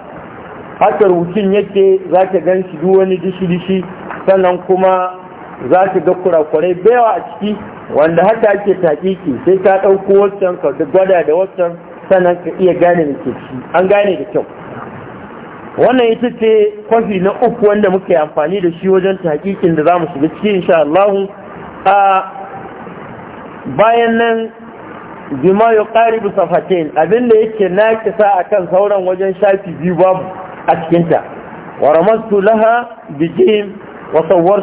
haka rukin yake za ta gan shi duk wani dishi-dishi sannan kuma za ta ga kurakurai baiwa a ciki wanda haka ake taƙiƙi sai ta ɗauko wancan ka gwada da wancan sannan ka iya gane da keci an gane da kyau wannan ita ce kwafi na uku wanda muka yi amfani da shi wajen taƙiƙin da za mu shiga ciki insha Allah bayan nan bima ya ƙaribu safatain abin da yake na kisa a kan sauran wajen shafi biyu babu a cikinta wa ramastu laha bijim wa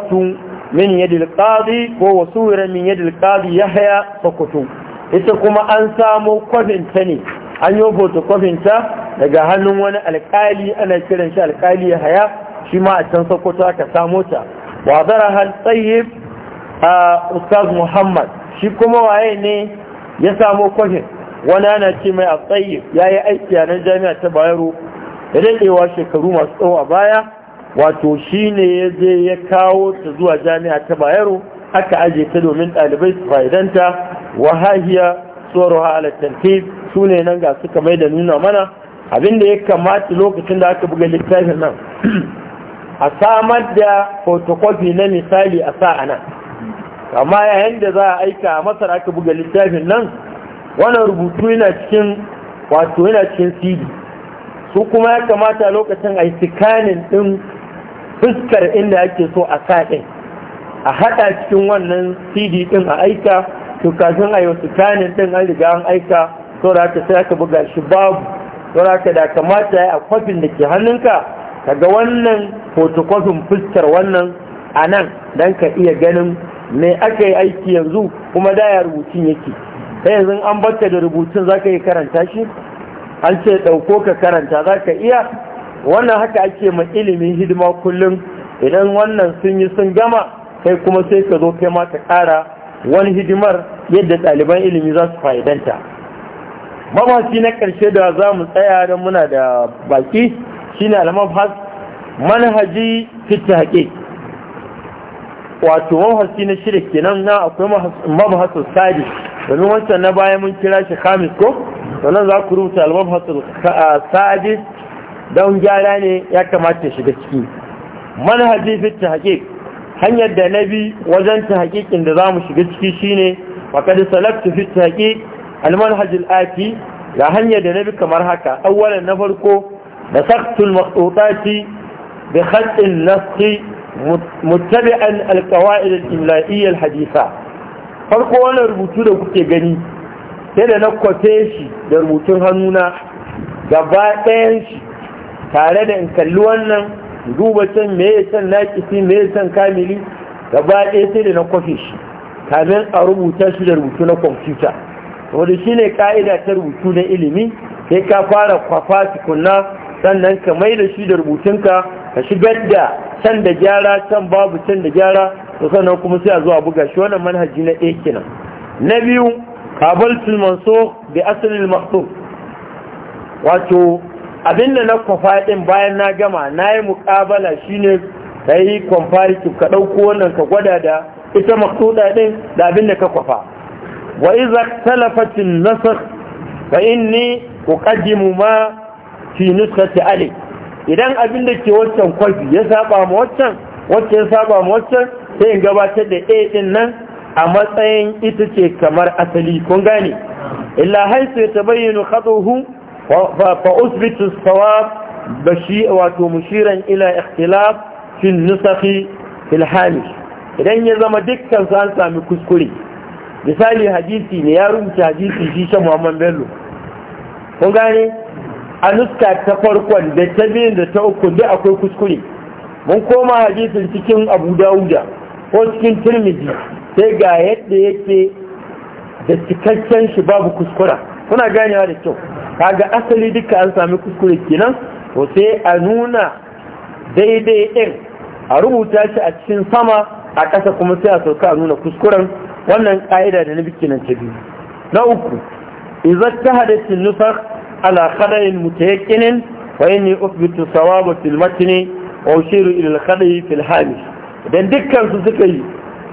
min yadda alƙadi ko wa suwira min alƙadi ya haya sakutu ita kuma an samo kwafinta ne an yi hoto kwafinta daga hannun wani alƙali ana kiran shi alƙali ya haya, shi ma a can sakutu aka samo ta wa zara hal tsayyib a ustaz muhammad shi kuma waye ne ya samo kwashin wani ana ce mai a tsaye ya yi aiki a nan jami'a ta bayaro da daɗewa shekaru masu tsawo a baya wato shi ne ya je ya kawo ta zuwa jami'a ta bayaro aka aje ta domin ɗalibai su fa'idanta wahahiya tsoro alatanti su ne nan ga suka mai da nuna mana abinda ya kamata lokacin da aka buga littafin nan a samar da fotokofi na misali a a nan amma yayin da za a aika a masar aka buga littafin nan wannan rubutu yana cikin wato yana cikin cd su kuma ya kamata lokacin a yi din ɗin fuskar inda ake so a sa ɗin a haɗa cikin wannan cd ɗin a aika to kafin a yi sikanin ɗin an riga an aika da ka sai aka buga shi babu da ka da kamata a kwafin da ke hannunka ga wannan fotokofin fuskar wannan a nan don ka iya ganin me aka yi aiki yanzu kuma da ya rubutun yake Ta yanzu an baka da rubutun za ka yi karanta shi an ce ɗauko ka karanta za ka iya wannan haka ake ma ilimin hidima kullum idan wannan sun yi sun gama kai kuma sai ka zo kai ma ka ƙara wani hidimar yadda ɗaliban ilimi za su fa'idanta mamaci na ƙarshe da za mu tsaya don muna da baki shine almabhas manhaji fitta haƙiƙi wato mahasi na shida kenan na akwai mabahasul sadi domin wancan na baya mun kira shi khamis ko wannan za ku rubuta al-mabahasul sadi don gyara ne ya kamata ya shiga ciki manhaji fi tahqiq hanyar da nabi wajen tahqiqin da zamu shiga ciki shine wa kad salaktu fi tahqiq al-manhaj al-ati ga hanyar da nabi kamar haka awwalan na farko da saktul maqtutati bi khat an muttabi'an alqawaid al-imla'iyya al-haditha farko wannan rubutu da kuke gani sai da na kwafe shi da rubutun hannuna gaba shi tare da in kalli wannan duba can me ya can naƙisi me ya can kamili gaba ɗaya sai da na kwafe shi kamin a rubuta shi da rubutu na kwamfuta wanda shine ƙa'ida ta rubutu na ilimi sai ka fara kwafa tukunna sannan ka mai da shi da rubutunka ka shigar da can da gyara can babu can da gyara to sannan kuma sai a zuwa buga shi wannan manhaji na ɗaya kenan na biyu qabaltul mansukh bi aslil mahsub wato abinda na kwafa din bayan na gama nayi muƙabala shine kai comparative ka ɗauko wannan ka gwada da ita maktuda din da abinda ka kwafa wa idza talafatin nasakh fa inni uqaddimu ma fi nuskati alif idan abin da ke waccan kwafi ya saba ma waccan wacce ya saba ma waccan sai in gabatar da a din nan a matsayin ita ce kamar asali kun gane illa haisu ya tabayyana khatuhu fa usbitu sawab bashi wato mushiran ila ikhtilaf fi nusakhi fil hali idan ya zama dukkan su an sami kuskure misali hadisi ne ya rubuta hadisi shi shan muhammad bello kun gane a nuska ta farkon da ta biyun da ta uku da akwai kuskure mun koma hadisin cikin abu dawuda ko cikin turmiji sai ga yadda yake da cikakken shi babu kuskura kuna ganewa da kyau kaga asali duka an sami kuskure kenan to sai a nuna daidai ɗin a rubuta shi a cikin sama a ƙasa kuma sai a sauka a nuna kuskuren wannan ƙa'ida da na bikinan ta biyu na uku idan ta hada nusar ala khadarin mutayakkinin wa inni uthbitu sawaba fil matni wa ushiru ila al khadari fil hamish dan dukansu suka yi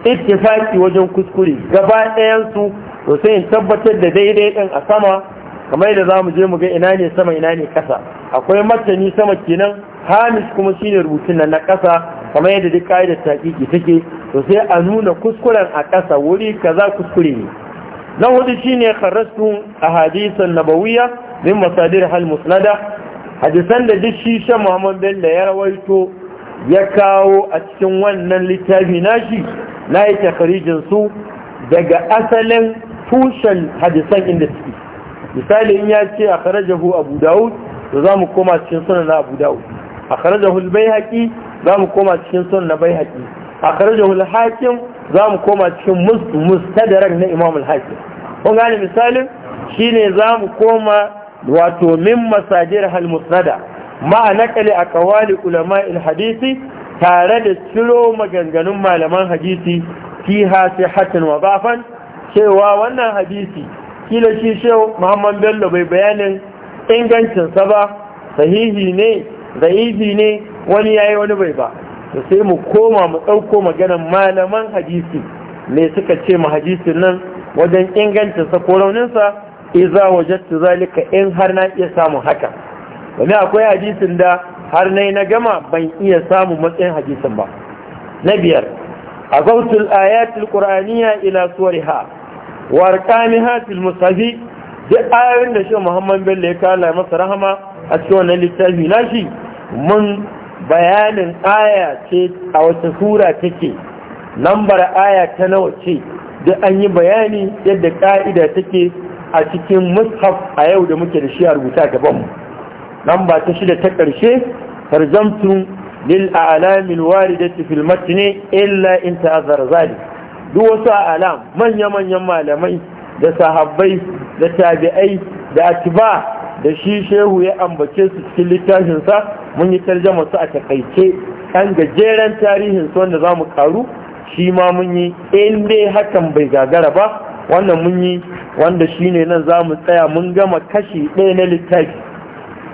ittifaki wajen kuskure gaba ɗayan su in tabbatar da daidai din a sama kamar da zamu je mu ga ina ne sama ina ne kasa akwai matani sama kenan hamish kuma shine rubutun nan na kasa kamar yadda duk ka'idar taƙiƙi take to sai a nuna kuskuren a ƙasa wuri kaza kuskure ne na hudu shine kharastu ahadisan nabawiyya min masadir Halmusnada, hadisan da duk shi shan muhammad bello ya rawaito ya kawo a cikin wannan littafi nashi na yi takarijin su daga asalin tushen hadisan inda suke misali in ya ce a karajahu abu dawud da za mu koma cikin suna na abu dawud a karajahu bai za mu koma cikin suna na bai haƙi a karajahu hakim za mu koma cikin mustadarak na imam hakim kun gane misalin shi ne za mu koma wato min masajir hal musnada kale a kawali ulama al hadisi tare da ciro maganganun malaman hadisi fiha sihatan wa dafan cewa wannan hadisi kila shi shehu Muhammad Bello bai bayanin ingancinsa ba sahihi ne zaifi ne wani yayi wani bai ba to sai mu koma mu ɗauko maganan malaman hadisi me suka ce mu hadisin nan wajen ingancinsa ko rauninsa iza wajattu zalika in har na iya samun haka wani akwai hadisin da har nai na gama ban iya samun matsayin hadisin ba na biyar a zautul ayatul qur'aniyya ila suwariha wa arqamiha fil mushafi duk ayoyin da shi Muhammad Bello ya kala masa rahama a cikin wannan littafi nashi mun bayanin aya ce a wata sura take lambar aya ta nawa ce duk an yi bayani yadda ka'ida take a cikin mushaf a yau da muke da shi a rubuta gabanmu ba ta shida ta ƙarshe farzamtu lil alamin waridati fil matni illa in ta'azzara zalik duk wasu a'lam manya manyan malamai da sahabbai da tabi'ai da atiba da shi shehu ya ambace su cikin littafin sa mun yi tarjama su a takaice kan gajeren tarihin su wanda zamu karu shi ma mun yi in dai hakan bai gagara ba wannan mun yi wanda shine nan za mu tsaya mun gama kashi ɗaya na littafi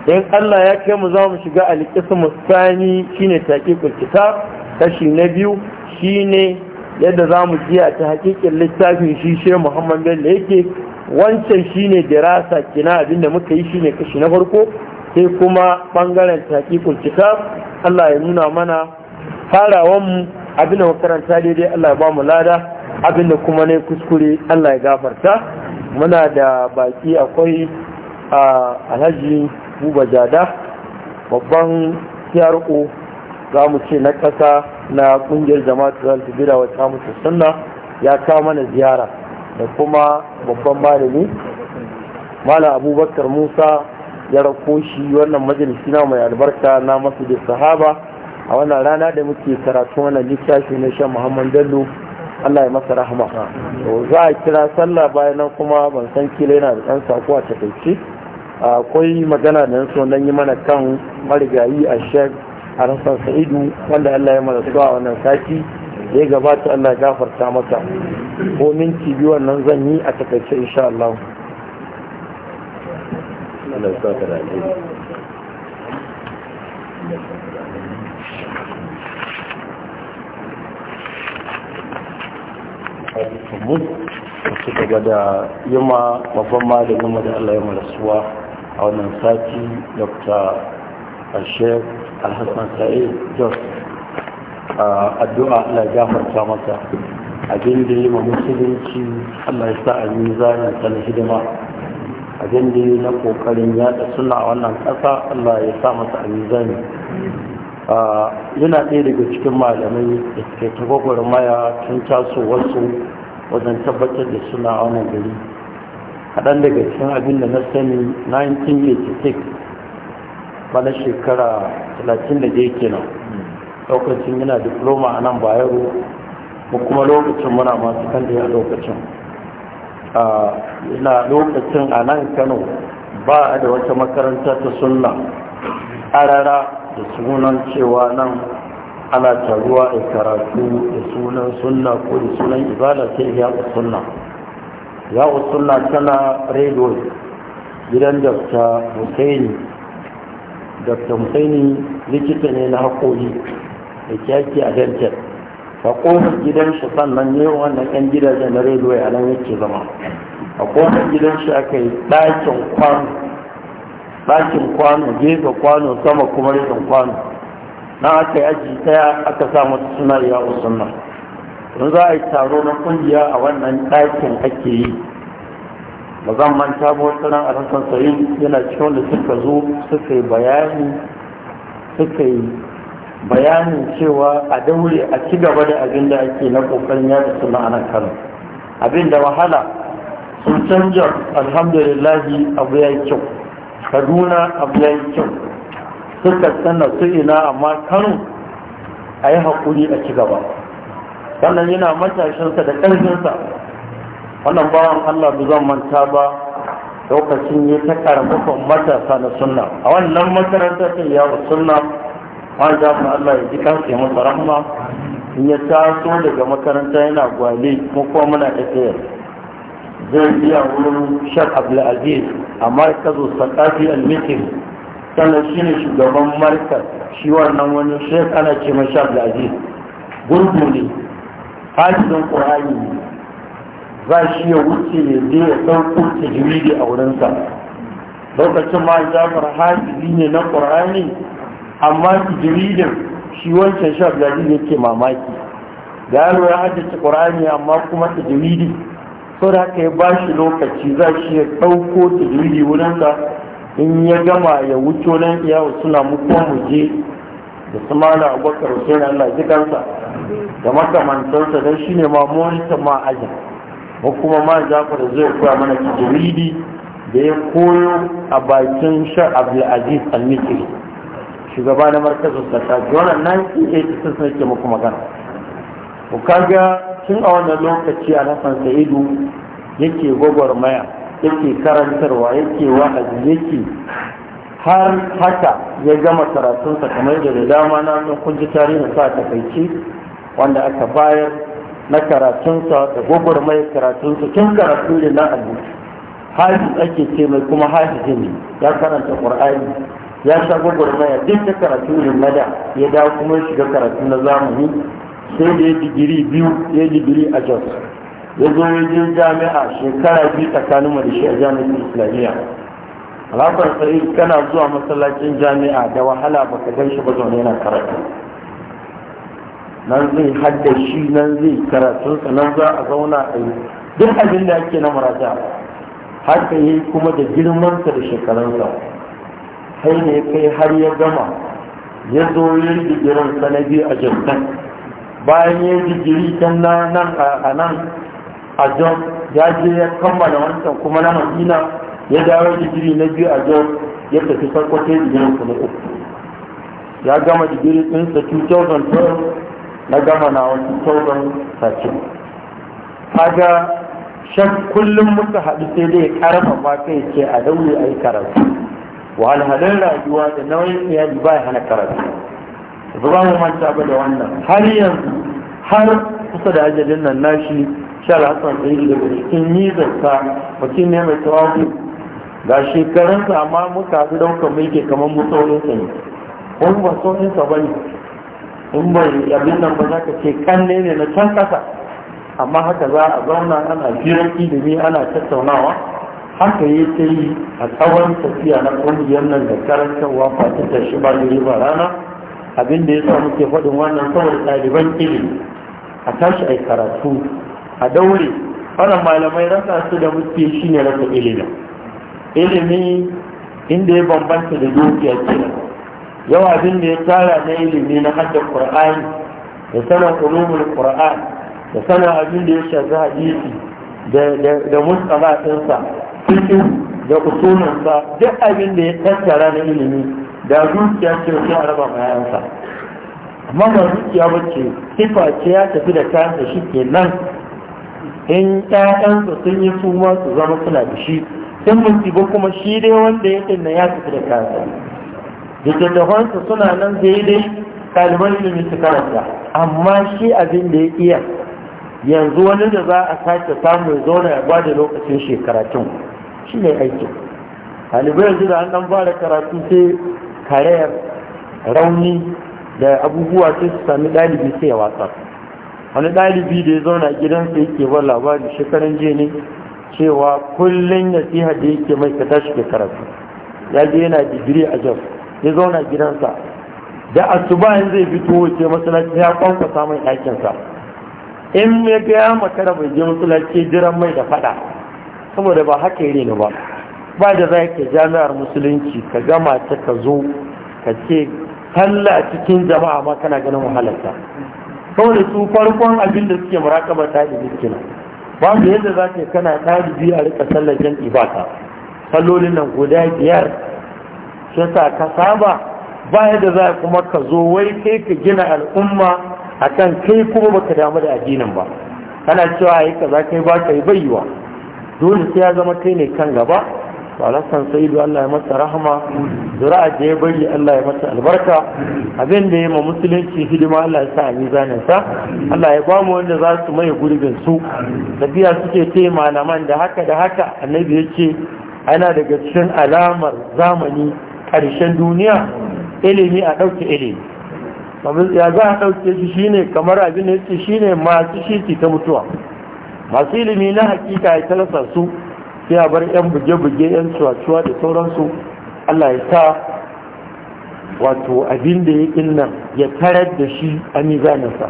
in Allah ya kai mu za mu shiga alƙismu sani shine taƙiƙul kitab kashi na biyu shi ne yadda za mu ji a ta hakikin littafin shi shi Muhammad Bello yake wancan shine dirasa kina abin da muka yi shi ne kashi na farko sai kuma bangaren taƙiƙul kitab Allah ya nuna mana farawan mu abin da makaranta daidai Allah ya ba mu lada Abin da kuma ne kuskure Allah ya gafarta muna da baki akwai a alhaji buba jada babban CRO za mu ce na ƙasa na ƙungiyar jama'a bira wa ta mutu sunna ya kawo mana ziyara da kuma babban malami mala abubakar musa ya rako shi wannan majalisi na mai albarka na masu da sahaba a wannan rana da muke karatu wannan littafi na shan Muhammadu dallo Allah ya masa rahama to za a kira sallah bayan nan kuma ban san kila yana da ɗan sako a takaice akwai magana da so nan yi mana kan marigayi a shek a rasar sa'idu wanda Allah ya mara su wannan sati da ya gabata Allah ya gafarta masa ko minti biyu wannan zan yi a takaice insha Allah mu da gaba da yima babban malamin mu da Allah ya marasuwa rasuwa a wannan sati Dr. Sheikh Al-Hassan Sa'id Jos addu'a Allah ya gafarta masa abin da yi ma musulunci Allah ya sa a mizanin sa na hidima abin da na kokarin yada suna a wannan ƙasa Allah ya sa masa a yana ɗaya daga cikin malamai da suke ta gwagwarmaya tun taso wasu wajen tabbatar da suna a wannan gari haɗan daga cikin abin da na sani 1986 bana shekara 31 kenan lokacin yana diploma a nan bayero ko kuma lokacin muna masu kan da ya lokacin yana lokacin a nan kano ba a da wata makaranta ta sunna rara da sunan cewa nan ana taruwa a karatu da sunan sunna ko da sunan ibada sai ya sunna ya sunna tana redo gidan dr husaini dr husaini likita ne na haƙoƙi da kyaki a dantar ta ƙofar gidan shi sannan ne wannan yan gidajen na redo a nan yake zama a ƙofar gidan shi aka yi ɗakin kwano ɗakin kwano gefe kwano sama kuma rufin kwano na aka yi aji ɗaya aka sa mata suna ya usunna don za a yi taro na kungiya a wannan ɗakin ake yi ba zan manta ba wata nan a rasan sayin yana cikin da suka zo suka yi bayani suka yi bayanin cewa a daure a ci gaba da abin da ake na kokarin yada suna a kano abin da wahala sun canja alhamdulillahi abu ya yi kyau kaduna abu yankin suka sana su ina amma kano a yi haƙuri a ci gaba sannan yana matashinsa da ƙarfinsa wannan bawan allah da zan manta ba lokacin ya ta karfafan matasa na sunna a wannan makarantar ta yawo sunna wani zafin allah ya ji yi masa rahama in ya taso daga makaranta yana gwale kuma muna tafiyar zai iya wurin shek abdulaziz a markazu sakafi al-mikir sannan shi ne shugaban markaz shi wannan wani shek ana ce mashi abdulaziz gurgu ne hajjin ƙorani ne za shi ya wuce ne zai ya sauko tajwidi a wurinsa lokacin ma jafar hajji ne na ƙorani amma tajwidin shi wancan shek abdulaziz yake mamaki da yaro ya haddace ƙorani amma kuma tajwidi sau ka yi ba shi lokaci za shi ya ɗauko tajwidi wurinsa in ya gama ya wuce nan ya suna mu ko mu je da su mala na allah ji kansa da makamantarsa don shi ne ma monita ma aji. ko kuma ma da zai koya mana tajwidi da ya koyo a bakin shar abdulaziz al-misri shugaba na markazin sassa wannan 1986 ke muku magana ku kaga tun a wannan lokaci a nasan sa'idu yake gwagwarmaya yake karantarwa yake wa'azi yake har haka ya gama karatunsa kamar da da dama na sun kunji tarihin sa takaici wanda aka bayar na karatunsa da gwagwarmayar karatunsa tun karatu da na albutu haji ake ce mai kuma haji jini, ya karanta ƙur'ani ya sha gwagwarmaya duk da karatu da na ya dawo kuma shiga karatu na zamani sai da digiri biyu ya digiri a jos ya zo jami'a shekara biyu tsakanin da shi a jami'ar islamiyya alhafar sai kana zuwa masallacin jami'a da wahala ka gan shi ba zaune yana karatu nan zai shi, nan zai karatu nan za a zauna a yi duk abin da ake na marata haka yi kuma da girmansa da shekarunsa kai ne kai har ya gama ya zo yin digirin sanadi a jirgin bayan ya digiri can na nan a nan a john ya je ya kammala wancan kuma na madina ya dawo digiri na biyu a john ya tafi sarkwace su na uku ya gama digiri ɗinsa 2012 na gama na wasu 2013 kaga shan kullum muka haɗu sai dai ba kai ce a daure a yi karatu wahalhalin rayuwa da nauyin iyali ba ya hana karatu ba mu manta ba da wannan har yanzu har kusa da ajalin nan nashi shara hassan yi daga cikin nizarta mutum ne mai tawafi ga shekarunsa amma muka fi mai ke kamar musaurinsa ne wani ba saurinsa ba ne in bai abin nan ba za ka ce kanne ne na can kasa amma haka za a zauna ana da ilimi ana tattaunawa haka ya ta yi a tsawon tafiya na ƙungiyar nan da karantarwa ba ta tashi ba ne ba rana Abinda ya samu ke faɗin wannan saboda ɗaliban ilimi a tashi a karatu a daure wannan malamai rasa su da muke shi ne rasa ilimi ilimi inda ya bambanta da dukiya ce yau abin da ya tara na ilimi na hadda qur'ani da sana ulumul ƙura'an da sana abin da ya shafi hadisi da mustaba ɗinsa cikin da usulunsa duk abin da ya tattara na ilimi da zuciya ce sai a raba ma amma ba zuciya ba ce sifa ce ya tafi da kayan da shi ke nan in ƴaƴansa sun yi suma su zama suna da shi sun ba kuma shi dai wanda ya tsinna ya tafi da kayansa littattafansa suna nan daidai kalibar ilimin su karanta amma shi abin da ya iya yanzu wani da za a sake samu ya zauna ya ba lokacin shekaratun shi ne aikin ɗalibai yanzu da an ɗan fara karatu sai karayar rauni da abubuwa sai su sami ɗalibi sai ya watsa wani ɗalibi da ya zauna gidansa yake ba labari shekaran jiya ne cewa kullum ya nasiha da yake mai ka tashi ke karatu ya je yana digiri a jos ya zauna gidansa da asuba in zai fito wace masallaci ya kwankwasa mai ɗakinsa in ya gaya ya makara bai je masallaci jiran mai da faɗa saboda ba haka yi ne ba ba da za ka jami'ar musulunci ka gama ta ka zo ka ce talla cikin jama'a ma kana ganin wahalarta kawai su farkon abin da suke murakaba ta da Ba babu yadda za ka kana ɗalibi a rika sallar jan ibaka sallolin nan guda biyar sai ta ka saba ba yadda za kuma ka zo wai kai ka gina al'umma akan kai kuma baka damu da addinin ba kana cewa yi kaza kai ba ka yi baiwa dole sai ya zama kai ne kan gaba sai sa'idu Allah ya masa rahama zura'a da ya bari Allah ya masa albarka abin da ya ma musulunci hidima Allah ya sa a mizanin sa Allah ya ba mu wanda za su maye gurbin su tafiya suke ce malaman da haka da haka annabi ya ce ana daga cikin alamar zamani ƙarshen duniya ilimi a ɗauke ilimi ya za a ɗauke shi shine kamar abin da ya ce shine masu shi ta mutuwa masu ilimi na hakika ya talasa su sai a bar 'yan buge-buge 'yan cuwa-cuwa da sauransu allah ya sa wato abin da ya inna ya tarar da shi a mizaninsa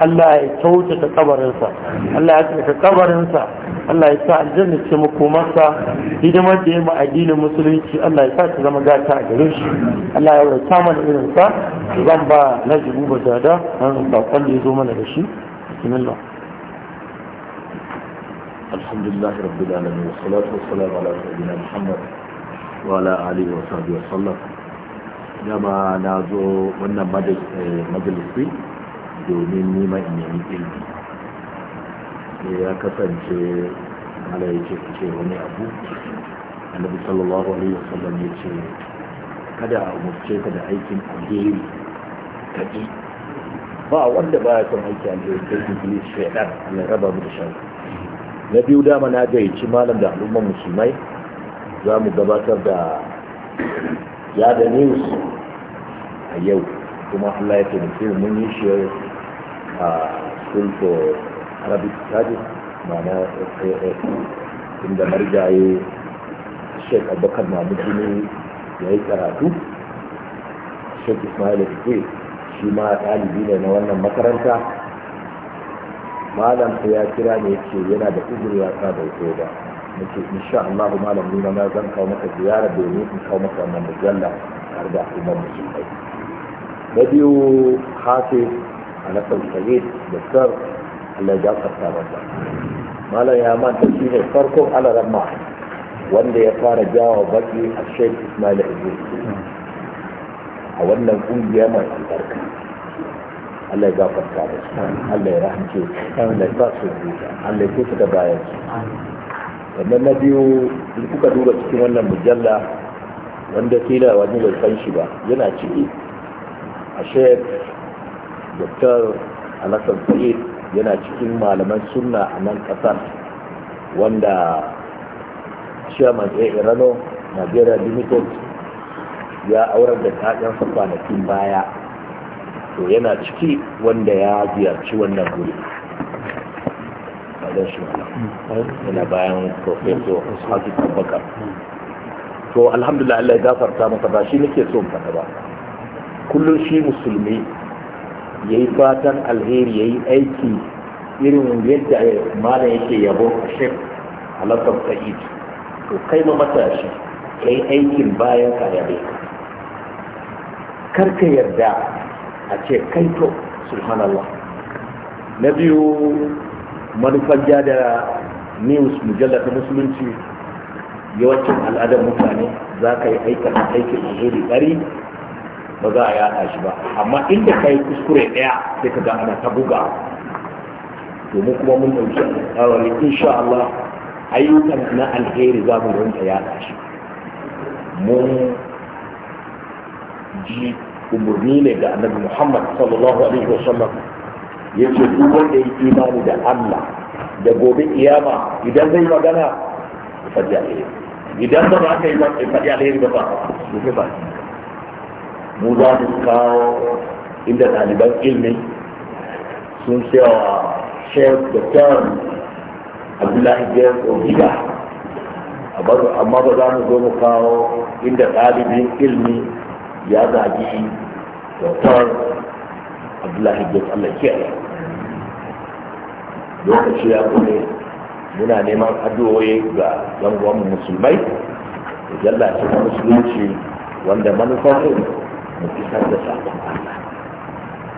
allah ya ta kabarinsa allah ya tsaka kabarinsa allah ya sa aljanna ce makomarsa hidimar da ya ma addinin musulunci allah ya sa ta zama gata a garin shi allah ya wata mana irinsa zan ba na jibu ba dada an sakon da ya zo mana da shi bismillah الحمد لله رب العالمين والصلاة والسلام على سيدنا محمد وعلى آله وصحبه وسلم dama na zo wannan eh, majalisi domin nima in nemi ilmi eh, ya kasance ya ce ce wani abu annabi sallallahu alaihi wasallam ya ce kada a umarce ka da aikin alheri ka ba wanda ba ya son aiki a sai iblis shaitan Allah raba mu da shaitan na biyu dama na gayyaci malam da al'ummar musulmai za mu gabatar da yada news a yau kuma allah ya taimake mun yi shi a school for arabic studies ma'ana inda marjaye shek abokan mahmud jini ya yi karatu shek ismail zai shi ma ɗalibi ne na wannan makaranta malam ya kira ne yake yana da uzuri ya sa bai zo ba nake insha Allah malam nuna na zan kawo maka ziyara domin in kawo maka wannan mujalla har da kuma musulmai na biyu hafiz a nasar sa'id da sar Allah ya karta masa malam ya manta shi ne farkon alaramma wanda ya fara jawo baki a sheikh ismail ibn a wannan kungiya masu albarka Allah ya gafarta da su Allah ya rahmace Allah ya sa su Allah ya kusa da bayan su sannan na biyu in kuka duba cikin wannan mujalla wanda da wani bai san shi ba yana ciki a shek dr alasan sa'id yana cikin malaman sunna a nan kasar wanda chairman a irano nigeria limited ya aurar da sa kwanakin baya to yana ciki wanda ya ziyarci wannan guri zan shi yana bayan profeso hafi tabbakar to alhamdulillah Allah ya gafarta maka ba shi nake so faɗa ba kullum shi musulmi ya yi fatan alheri ya yi aiki irin yadda mana yake yabo a shek alaƙar sa'id to kai ma matashi ka yi aikin bayan ka yabe ka yarda a ce kaito subhanallah na biyu manufar da news mujallar ta musulunci yawancin al'adar mutane za ka yi aikin aikin alheri ɗari ba za a yada shi ba amma inda ka yi kuskure ɗaya sai ka ga ana ta buga domin kuma mun ɗauki alƙawari insha Allah ayyukan na alheri za mu rinka yada shi mun ji umarni ne ga annabi muhammad sallallahu alaihi wasallam ya ce duk wanda ya yi imani da allah da gobe kiyama idan zai magana faɗi alheri idan ba za ka yi faɗi alheri ba ba rufe ba mu za mu kawo inda ɗaliban ilmi sun cewa shek da term abdullahi biyar ogiga amma ba za mu zo mu kawo inda ɗalibin ilmi ya zagi kyautar abdullahi bin allah lokaci ya kone muna neman addu'o'i ga yan musulmai da jalla ce ta musulunci wanda manufar mu isar da sakon allah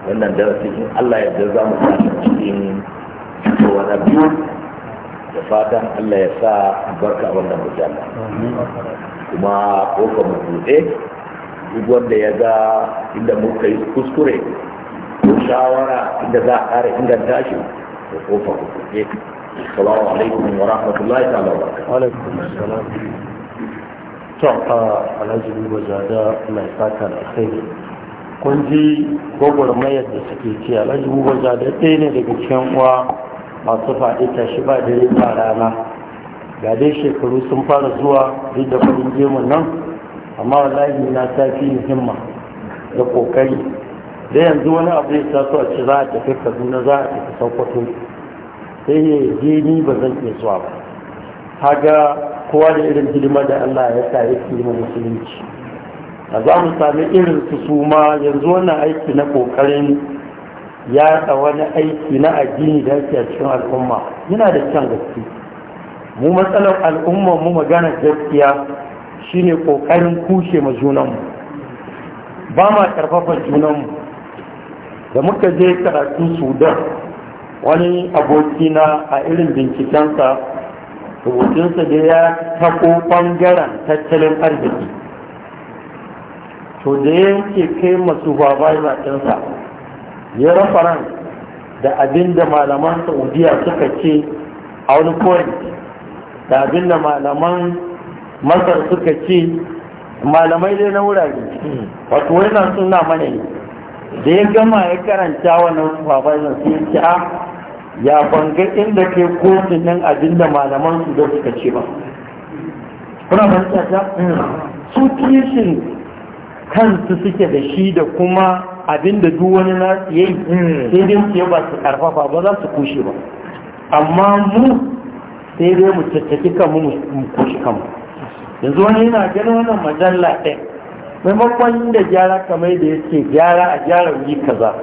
wannan darasi in allah ya za mu tashi cikin fitowa na biyu da fatan allah ya sa barka wannan mujalla kuma kofar mu buɗe duk wanda ya ga inda muka yi kuskure ko shawara inda za a ƙara inganta shi ko kofar ku kuke salamu alaikum wa rahmatullahi ta'ala wa barakatuh to a alhaji duba zada mai saka da ne. kun ji gwagwarmayar da suke ce alhaji duba zada ɗaya ne daga cikin uwa masu faɗi ta shi ba dare ba rana ga dai shekaru sun fara zuwa duk da farin gemun nan amma wallahi na tafi muhimma da kokari da yanzu wani abu ya taso a ce za a tafi kaduna za a tafi sokoto sai ya je ni ba zan iya zuwa ba haga kowa da irin hidima da allah ya sa yake yi musulunci a za mu sami irin su su ma yanzu wannan aiki na kokarin ta wani aiki na addini da ake a cikin al'umma yana da kyan gaske mu matsalar al'ummar mu magana gaskiya Shi ne ƙoƙarin kushe ma junanmu ba ma ƙarfafa junanmu da muka je karatu sudan wani abokina a irin bincikensa rubutunsa da ya tako ɓangaren tattalin arziki to da yanke kai masu babaiwa ɗinsa ya rafaran da abin da malaman saudiya suka ce a wani point da abin da malaman masar suka ce malamai dai na wurare wato wani suna mana ne da ya gama ya karanta wannan da su yake a ya ah, banga inda ke kotu nan abin da malaman su da suka ce ba kuna fahimta ta su kishin kansu suke da shi da kuma abin da duk wani na yayi sai dai su ba su karfafa ba za su kushe ba amma mu sai dai mu caccaki kanmu mu kushe kanmu yanzu wani yana ganin wannan majalla ɗin maimakon da gyara kamar da yake gyara a gyara yi kaza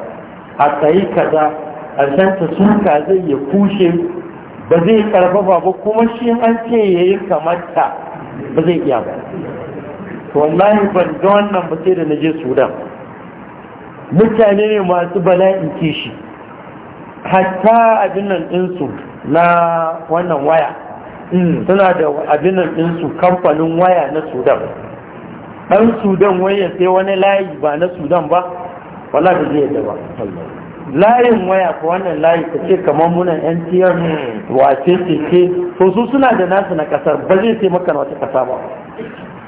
a tsayi kaza ƙarshen ta suka zai ya kushe ba zai karfafa ba kuma shi an ce ya yi kamar ba zai iya ba to wallahi ban ga wannan ba sai da na je sudan mutane ne masu bala'in kishi hatta abin nan ɗinsu na wannan waya Mm. suna da abinan ɗinsu kamfanin waya na sudan ɗan sudan waya sai wani layi ba na sudan ba wala da zai yadda ba layin waya ko wannan layi ta ce kamar muna ntr mm. wace ce ce to su suna da nasu na kasar ba zai sai maka na wata kasa ba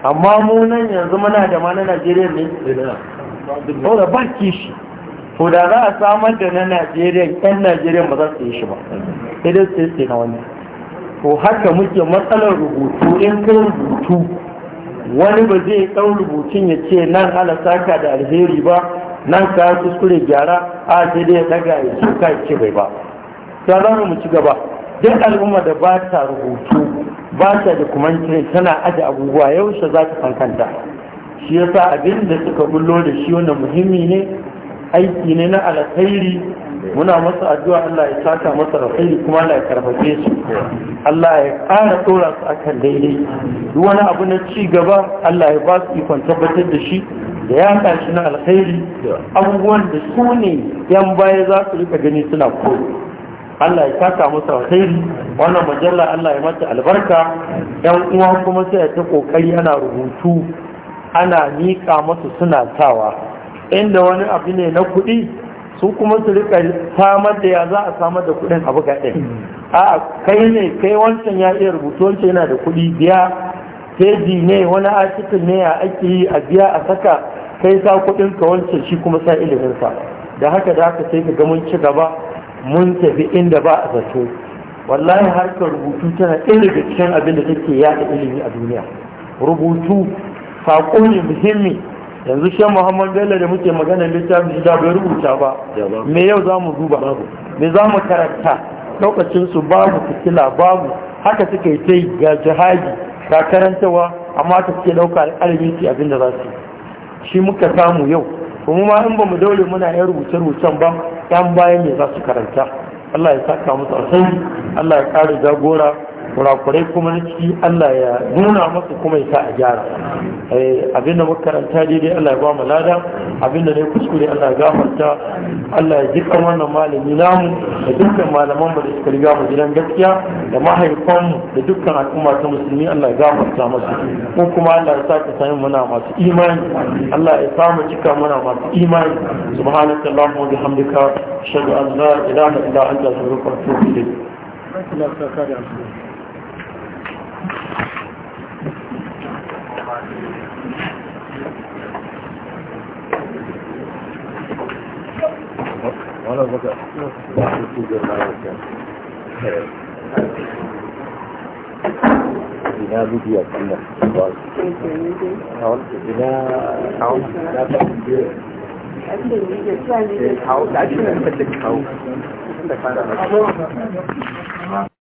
amma mu nan yanzu muna da ma na najeriya ne ko da ba kishi to da za a samar da na najeriya yan najeriya ba za su yi shi ba sai dai sai na wani To haka muke matsalar rubutu in kai rubutu wani ba zai ɗau rubutun ya ce nan ala saka da alheri ba nan ka kuskure gyara a sai dai ya daga ya ce ka ce bai ba ta za mu ci gaba duk al'umma da ba ta rubutu ba ta documentary tana aje abubuwa yaushe za ta fankanta. Shi shi yasa abin da suka bullo da shi wannan muhimmi ne aiki ne na alkhairi muna masa addu'a Allah ya saka masa rafaili kuma Allah ya karfafe su Allah ya ƙara tsora su akan daidai duk wani abu na ci gaba Allah ya ba su ikon tabbatar da shi da ya shi na alkhairi abubuwan da su ne yan baya za su rika gani suna koyo Allah ya saka masa alkhairi wannan majalla Allah ya mata albarka yan uwa kuma sai ta kokari ana rubutu ana miƙa masu suna sawa inda wani abu ne na kuɗi su kuma su rika samar da ya za a samar da kuɗin abu ga a kai ne kai wancan ya iya rubutu wancan yana da kuɗi biya peji ne wani article ne a ake yi a biya a saka kai sa kuɗin ka wancan shi kuma sa ilimin sa da haka da haka sai ka ga mun ci gaba mun tafi inda ba a zato wallahi harkar rubutu tana ɗaya daga cikin abin da take yaɗa ilimi a duniya rubutu saƙo ne muhimmi yanzu shan muhammad bello da muke magana littafin shi da bai rubuta ba me yau za mu duba me za mu karanta su babu fitila babu haka suka yi ta ga jihadi ga karantawa amma ta suke ɗauka alƙalami abin da za su shi muka samu yau kuma ma in ba mu daure muna yan rubuce-rubucen ba yan bayan ne za su karanta Allah ya saka musu alkhairi Allah ya ƙara jagora kurakurai kuma na ciki Allah ya nuna masa kuma ya sa a gyara eh, abinda makaranta daidai Allah ya ba mu lada abinda ne kuskure Allah ya gafarta Allah ya jika wannan malami namu da dukkan malaman mu da suka riga mu gidan gaskiya da mahaifan da dukkan al'umma ta musulmi Allah ya gafarta masu ko kuma Allah ya sake sanin muna masu imani Allah ya samu cika muna masu imani subhanaka allahumma wa bihamdika ashhadu an la ilaha illa anta astaghfiruka wa atubu ilayk Allah ya wani buga da ina rubi a kan ba su